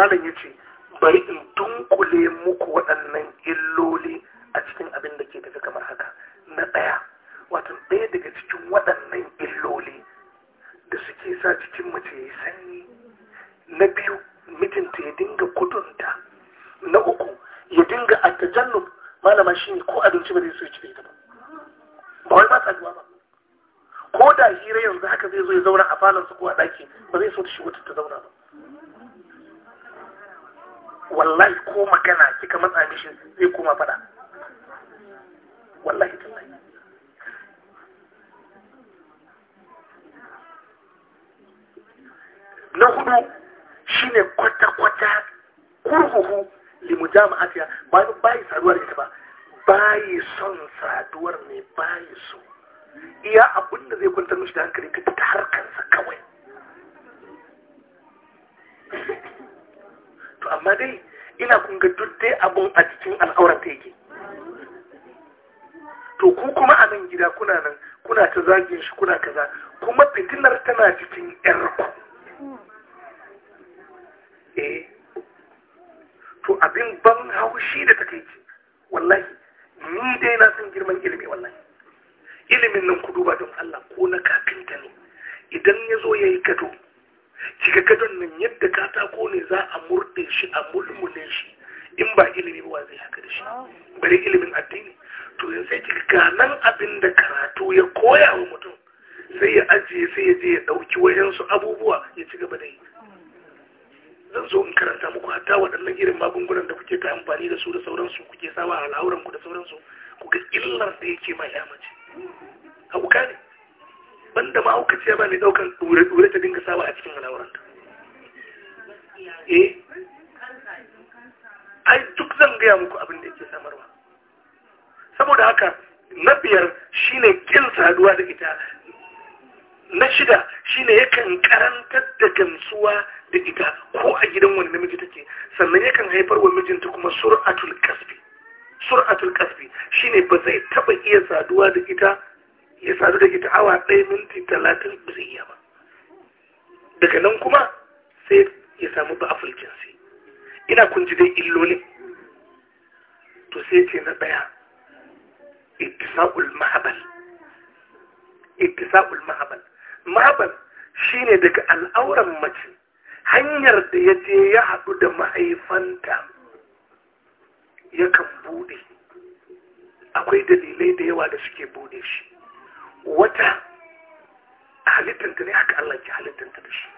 malam yace bari in dunkule muku waɗannan illoli a cikin abin da ke tafi kamar haka na ɗaya wato ɗaya daga cikin waɗannan illoli da suke sa cikin mace ya sanyi na biyu mijinta ya dinga kudunta na uku ya dinga a tajannu. malama shi ko abinci ba zai so ya ci ita ba ba wai ba ta ba ko da hira yanzu haka zai zo ya zauna a falon ko a ɗaki ba zai so ta shigo ta zauna ba wallahi ko magana kika matsa mishi zai koma fada wallahi tallahi na hudu shine kwata-kwata kurhuhu limujama'atiya ba bayi saduwar ita ba bayi son saduwar ne bayi so iya abun da zai kwantar mishi da hankali ka fita harkarsa kawai amma dai ina kun ga duk dai abun a cikin al'aurata ta yake to ku kuma a nan gida kuna nan kuna ta zagin shi kuna kaza kuma fitinar tana cikin yar eh to abin ban haushi da take ci wallahi ni dai na san girman ilimi wallahi ilimin nan ku duba don Allah ko na kafinta ne idan ya zo ya gado kika gadon nan yadda katako ne za a murɗe shi a mulmule shi in ba ilimi ba zai haka da shi oh. bari ilimin addini to yanzu sai kika ga nan abin da karatu ya koya wa mutum sai ya ajiye sai ya je ya ɗauki wayansu abubuwa ya ci gaba da yi zan zo in karanta muku hatta waɗannan irin magungunan da kuke ta amfani da su da sauransu kuke sawa a al'auranku da sauransu ku ga illar da yake ma ya mace abu ne banda ma auka ce ba mai daukan ɗure ta dinga saba a cikin al'auranta eh ai duk zan gaya muku abin da yake samarwa saboda haka na biyar shine kin saduwa da ita na shida shine yakan karantar da gamsuwa da ita ko a gidan wani namiji take sannan yakan haifar wa mijinta kuma sur'atul kasbi sur'atul kasbi shine ba zai taba iya saduwa da ita ya sa da ita awa ɗaya minti talatin ba iya ba daga nan kuma sai ya samu ba jinsi ina kun ji dai illoli, to sai ce na ɗaya ittisa'ul mahabal Ma'abal mahabal shi shine daga al'auran mace hanyar da ya je ya haɗu da mahaifanta yakan buɗe akwai dalilai da yawa da suke buɗe shi wata halittanta ne haka Allah ke halittanta da shi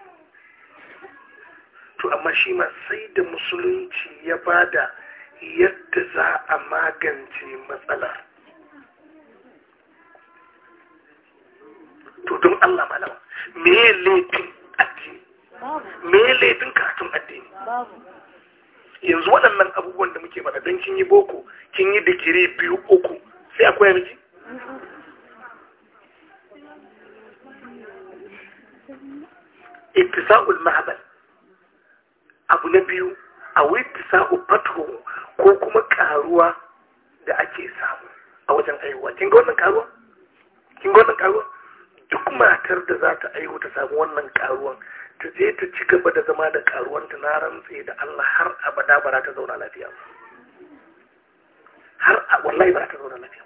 to amma shi ma sai da musulunci ya bada yadda za a magance matsalar to don Allah malama me laifin addini me laifin karatun addini yanzu waɗannan abubuwan da muke faɗa don kin yi boko kin yi digiri biyu uku sai akwai miki ittisa'ul mahbal abu na biyu a wittisa'u fatho ko kuma karuwa da ake samu a wajen aiwa kin ga wannan karuwa kin ga wannan karuwa duk matar da za ta aiwa ta samu wannan karuwan ta je ta ci gaba da zama da karuwanta na rantse da Allah har abada bara ta zauna lafiya har wallahi bara ta zauna lafiya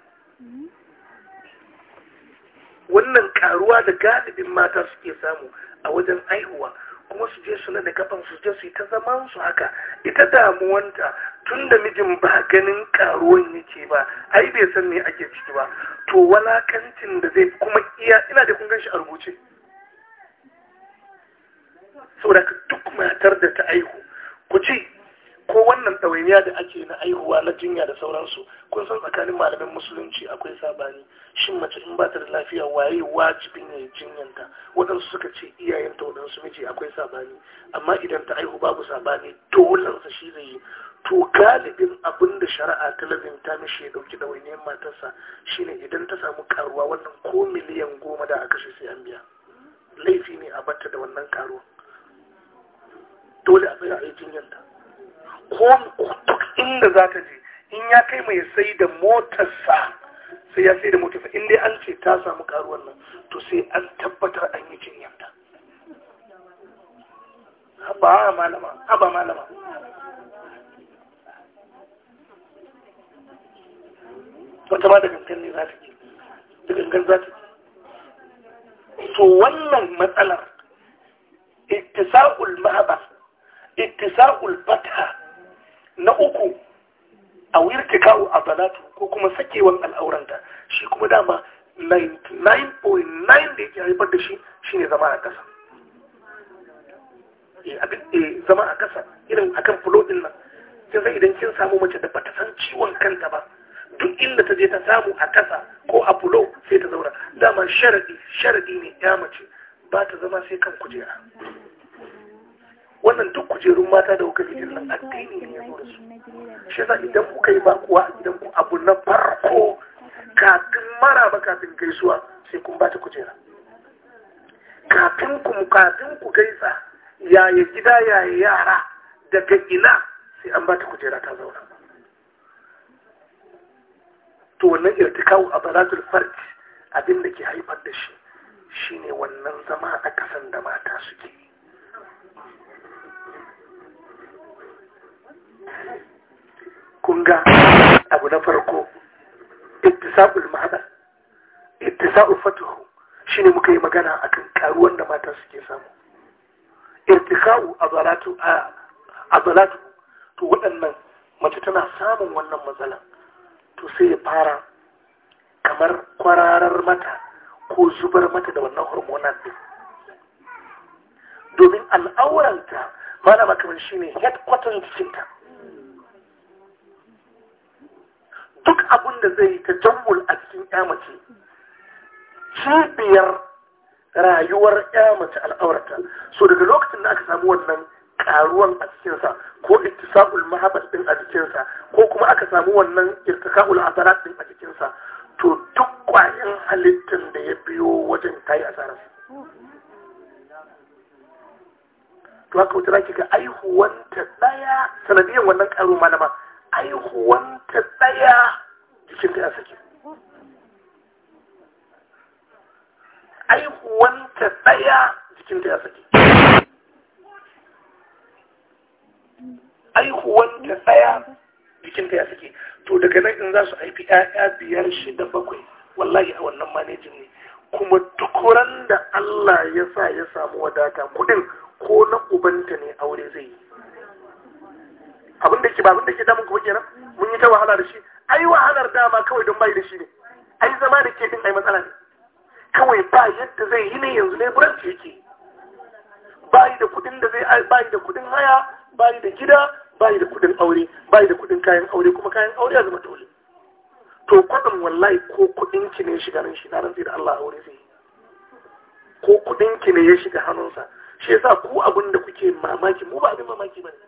wannan karuwa da galibin mata suke samu a wajen aihuwa kuma su je su da kafan su je su yi ta zaman su haka ita damuwanta tun da mijin ba ganin karuwan yake ba ai bai san me ake ciki ba to walakancin da zai kuma iya ina da kun ganshi a rubuce saboda duk matar da ta aihu ku ce ko wannan ɗawainiya da ake na aihuwa na jinya da sauransu kun san tsakanin malamin musulunci akwai sabani shin mace in ba ta da lafiya waye wajibin ya yi jinyanta waɗansu suka ce iyayenta waɗansu miji akwai sabani amma idan ta aihu babu sabani dolansa shi zai yi to galibin abin da shari'a ta lazimta mishi ya ɗauki ɗawainiyar matarsa shine idan ta samu karuwa wannan ko miliyan goma da aka shi sai an biya laifi ne a batta da wannan karuwa dole a tsaya a yi jinyanta ko duk inda za ta je in ya kai mai sai da motarsa sai ya sai da motarsa inda an ce ta samu karuwar nan to sai an tabbatar an yi cinyarta haba malama haba malama wata ma da gangan ne za ta ke da gangan za ta ke to wannan matsalar ittisa'ul mahaba ittisa'ul fatha na uku a wirka kawo a balatu ko kuma sakewan al'auranta shi kuma dama 99.9 da yake haifar da shi shine zama a ƙasa eh, eh, zama a ƙasa irin akan fulodin nan sai sai idan kin samu mace da bata san ciwon kanta ba duk inda ta je ta samu a kasa ko a fulo sai ta zauna dama sharadi sharadi ne ya mace ba ta zama sai kan kujera wannan duk kujerun mata da kuka fitar nan addini ne ya zo su shi yasa idan kuka yi bakuwa a gidanku abu na farko kafin mara ba kafin gaisuwa sai kun bata kujera kafin ku kafin ku gaisa yaya gida yaya yara daga ina sai an bata kujera ta zauna to wannan irtikawu a baratul farji abin da ke haifar da shi shine wannan zama a kasan da mata suke yi Kunga, abu na farko ittisabul mahada ittisaqul fatuhu shine muka yi magana akan karuwan da mata suke samu irtikau azalatu azalatu to waɗannan mace tana samun wannan matsala, to sai ya fara kamar kwararar mata ko zubar mata da wannan hormonal din domin al'auranta malama kamar shine headquarters jikinta duk abin da zai yi ta jambul a cikin yamace cibiyar rayuwar ƴamace al'aurata so daga lokacin da aka samu wannan karuwan a cikinsa ko ittisa'ul mahabbas din a jikinsa ko kuma aka samu wannan irtika'ul hasarat din a jikinsa to duk kwayan halittin da ya biyo wajen tayi asarar to haka wata ga aihuwanta daya sanadiyan wannan karu malama aihuwanta ɗaya jikinta ya sake aihuwanta ɗaya jikinta ya sake aihuwanta ya sake to daga nan in za su haifi 'ya'ya biyar shida bakwai wallahi a wannan manejin ne kuma duk ran da Allah ya sa ya samu wadata kudin ko na ubanta ne aure zai yi abin da ke ba abin da ke damun kuma kenan mun yi ta wahala da shi ai wahalar dama kawai don bai da shi ne ai zama da ke din ai matsala ne kawai ba yadda zai yi ne yanzu ne buranci yake bayi da kudin da zai bai da kudin haya bayi da gida bayi da kudin aure bayi da kudin kayan aure kuma kayan aure ya zama dole to kudin wallahi ko kudin ki ne shiga nan shi na rantsi da Allah aure zai ko kudin ki ne ya shiga hannunsa shi yasa ku abin da kuke mamaki mu ba abin mamaki bane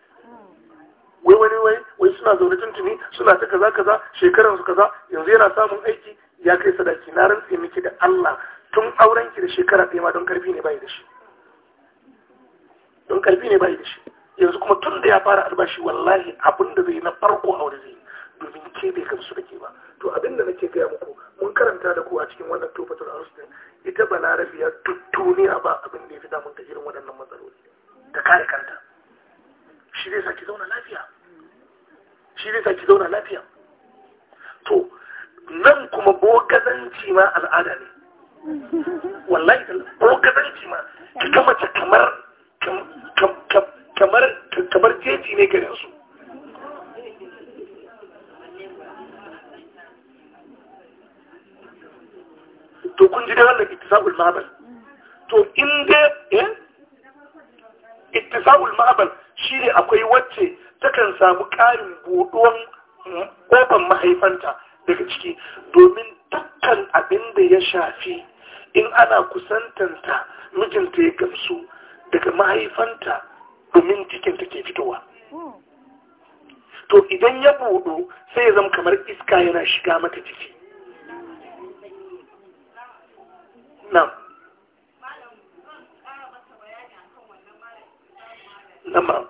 wai wani wai wai suna zaune tuntuni suna ta kaza kaza shekaran su kaza yanzu yana samun aiki ya kai sadaki na rantse miki da Allah tun auren ki da shekara ɗaya ma don karfi ne bai da shi don karfi ne bai da shi yanzu kuma tun da ya fara albashi wallahi abin da zai na farko aure zai domin ke bai gamsu da ke ba to abin da nake gaya muku mun karanta da ku a cikin wannan tofatul arustin ita balarabiya duk duniya ba abin da ya fi ta irin waɗannan matsaloli ta kare kanta shi zai saki zauna lafiya shi zai saki zauna lafiya to nan kuma bogazanci ma al'ada ne wallahi bogazanci ma kika mace kamar kamar kamar jeji ne garin su to kun ji da wannan ittisabul ma'abal to inda dai eh ittisabul ma'abal shi akwai wacce takan samu ƙarin buɗuwan mm, ƙofan mahaifanta daga ciki domin dukkan abin da ya shafi in ana kusantanta mijinta ya gamsu daga mahaifanta domin cikinta ke fitowa to idan ya buɗu sai ya zama kamar iska yana shiga mata na nan nan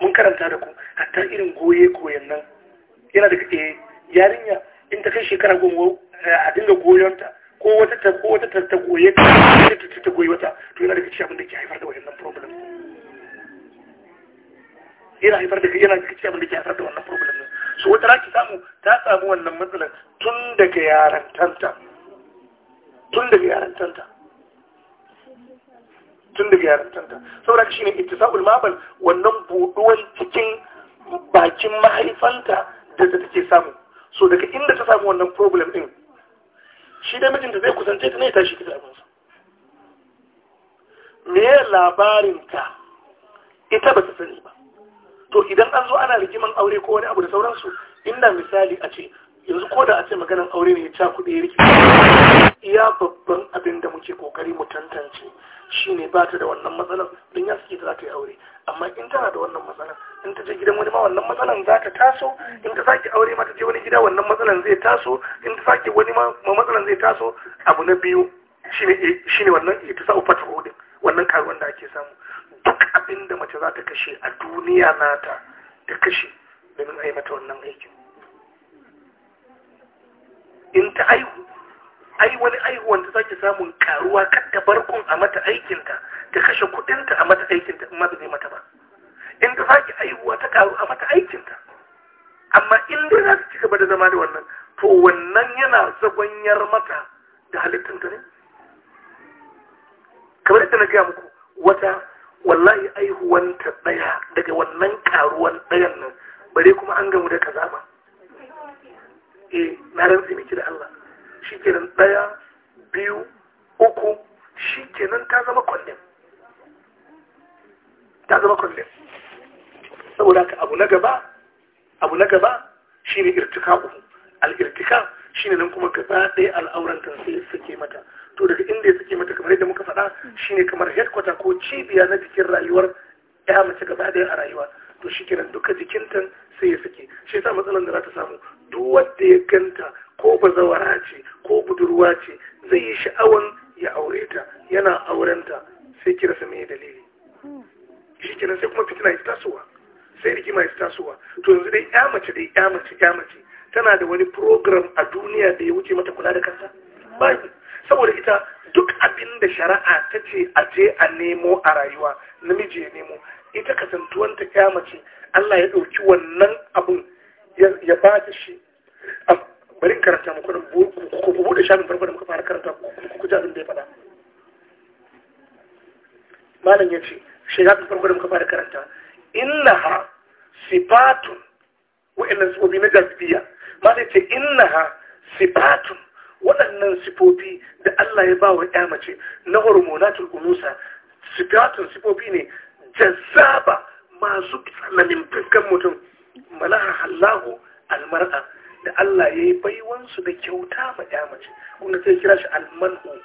mun karanta da ku hatta irin goye koyan nan yana da kake eh, yarinya in ta kai shekara goma eh, a dinga goyonta ko wata ta ko wata ta goye ta ta ta goyi wata to yana da kake abin da ke haifar da wannan problem yana haifar da yana da kake abin da ke haifar da wannan problem so wata raki samu ta samu wannan matsalar tun daga yarantanta tun daga yarantanta tun daga yarantanta saboda shine ittisabul mabal wannan buɗuwan cikin bakin mahaifanta da ta take samu so daga inda ta samu wannan problem ɗin shi da mijinta zai kusance ta ne tashi abin su. me ya labarin labarinta ita ba ta sani ba to idan an zo ana rigiman aure ko wani abu da sauransu inda misali a ce yanzu ko da a ce maganar aure ne ya cakuɗe ya rike iya babban abin da muke kokari mu tantance shi ne ba ta da wannan matsalan don ya suke za ta yi aure amma in tana da wannan matsalan in ta je gidan wani ma wannan matsalan za ta taso in ta sake aure ma ta je wani gida wannan matsalan zai taso in ta sake wani ma matsalan zai taso abu na biyu shi ne eh, wannan ita sa fataho din wannan karuwan da ake samu duk abin da mace za ta kashe a duniya nata ta kashe domin a yi mata wannan aikin in ta aihu ai wani aihuwan ta sake samun karuwa kadda barkon a mata aikinta ta kashe kudinta a mata aikinta in ma bai mata ba in ta sake aihuwa ta karu a mata aikinta amma in dai za su ci gaba da zama da wannan to wannan yana zagwanyar mata da halittanta ne kamar yadda na gaya muku wata wallahi aihuwanta ɗaya daga wannan karuwan dayan nan bare kuma an gamu da kaza ba eh na rantsi miki da Allah shi kenan ɗaya biyu uku shi kenan ta zama kwallon ta zama kwallon saboda ka abu na gaba abu na gaba shi ne irtika uku al'irtika shi ne nan kuma gaba ɗaya al'auranta sai suke mata to daga inda ya suke mata kamar yadda muka faɗa shi ne kamar headquarter ko cibiya na jikin rayuwar ya mace gaba ɗaya a rayuwa to shi kenan duka ta sai ya suke shi sa matsalar da za ta samu duk wanda ya ganta ko bazawara ce ko budurwa ce zai yi sha'awan ya aure ta yana aurenta sai kira sa mai dalili shi kira sai kuma fitina ya tasowa sai rigima ya tasowa to yanzu dai ya mace dai ya mace ya mace tana da wani program a duniya da ya wuce mata kula da kansa ba saboda ita duk abin da shari'a ta ce a je a nemo a rayuwa namiji ya nemo ita kasantuwanta ya mace Allah ya ɗauki wannan abun ya ba shi bari karanta muku da ku buɗe shafin farko da muka fara karanta ku ji abin da ya faɗa malam ya ce shafin farko da muka fara karanta ha sifatun wa'annan sifofi na jazbiya malam ya ce ha sifatun waɗannan sifofi da Allah ya ba wa ya mace na hormonatul unusa sifatun sifofi ne jazzaba masu tsananin fiskan mutum malaha Allahu almar'a da Allah ya yi baiwansu da kyauta ma ya mace wanda sai kira shi almanu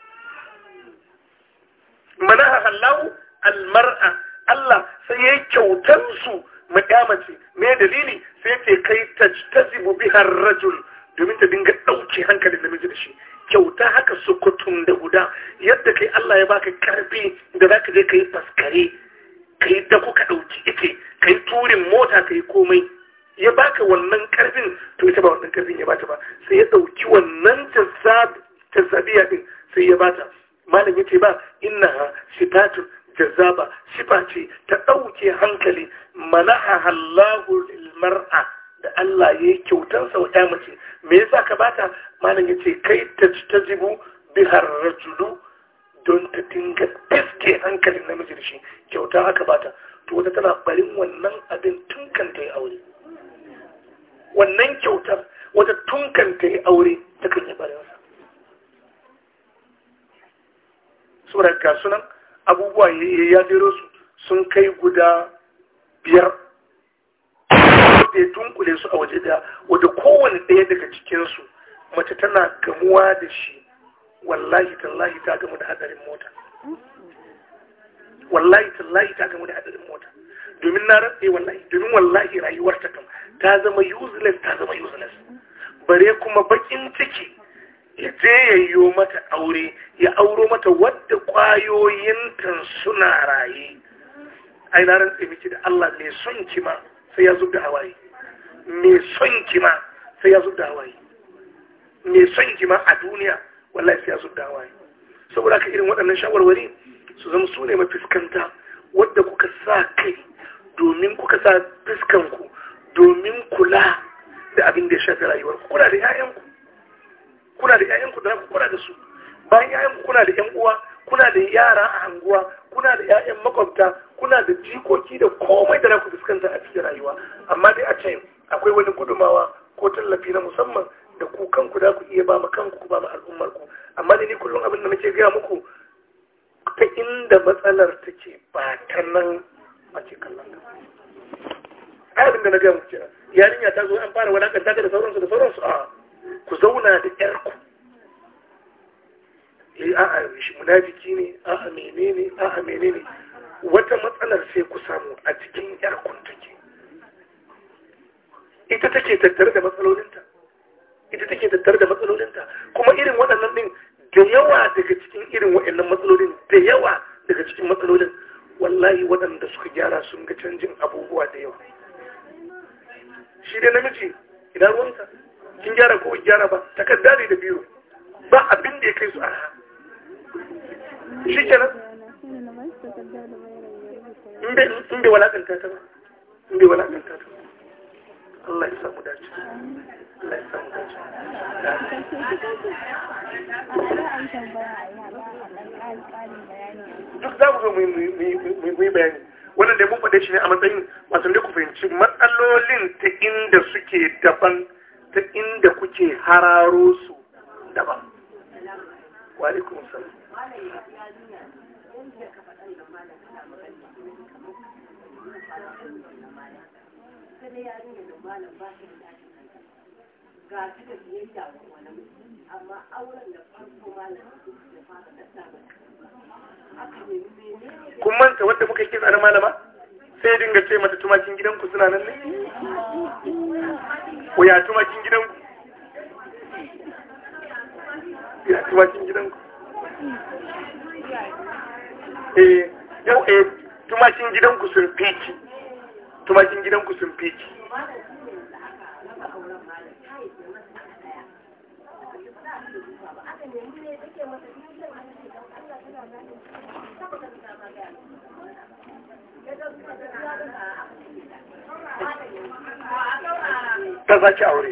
mana halallahu almar'a Allah sai ya yi kyautansu ma ya mace me dalili sai ce kai tajtazibu bihar rajul domin ta dinga ɗauke hankalin namiji da shi kyauta haka sukutun da guda yadda kai Allah ya baka karfi da za ka je ka yi faskare ka yi dako ka ɗauki ike ka yi turin mota ka yi komai ya baka wannan karfin to ita ba wannan karfin ya bata ba sai ya dauki wannan jazabiya din sai ya bata malam ce ba innaha sifatun jazaba sifa ce ta dauke hankali manaha Allahu lil mar'a da Allah yi kyautan sa wata mace me yasa ka bata malam yace kai ta tajibu bihar rajulu don ta dinga fiske hankalin namiji da shi kyauta aka bata to wata tana barin wannan abin tun kan ta aure wannan kyautar wata tunkanta ya aure ta kan yi barewa saboda sunan abubuwa ya jero su sun kai guda biyar da ya tunkule su a waje da wata kowane ɗaya daga cikinsu mace tana gamuwa da shi wallahi tallahi ta gamu da hadarin mota wallahi tallahi ta gamu da hadarin mota domin na rantse wallahi domin wallahi rayuwar ta kan ta zama useless ta zama useless bare kuma bakin ciki ya je ya yiwo mata aure ya auro mata wadda kwayoyinta suna raye ai na rantse miki da Allah mai son ki ma sai ya zubda hawaye mai son ki ma sai ya zubda hawaye mai son ki ma a duniya wallahi sai ya zubda hawaye saboda ka irin waɗannan shawarwari su zama su ne mafiskanta wadda kuka sa kai domin kuka sa fuskanku domin kula da abin da ya shafi rayuwar ku kuna da yayanku kuna da 'ya'yanku da ku kula da su bayan 'ya'yanku kuna da 'yan uwa kuna da yara a anguwa kuna da 'ya'yan makwabta kuna da jikoki da komai da ku fuskanta a cikin rayuwa amma dai a can akwai wani gudumawa ko tallafi na musamman da ku kanku da ku iya ba ma kanku ku ba ma al'ummar ku amma dai ni kullum abin da nake gaya muku ta inda matsalar take ba ta nan a ce kallon abin da na gaya muke yarinya ta zo an fara wadakanta da sauransu da sauransu a ku zauna da ƴarku. eh a'a shi munafiki ne a'a menene a'a menene wata matsalar sai ku samu a cikin yarkun take ita take tattare showery.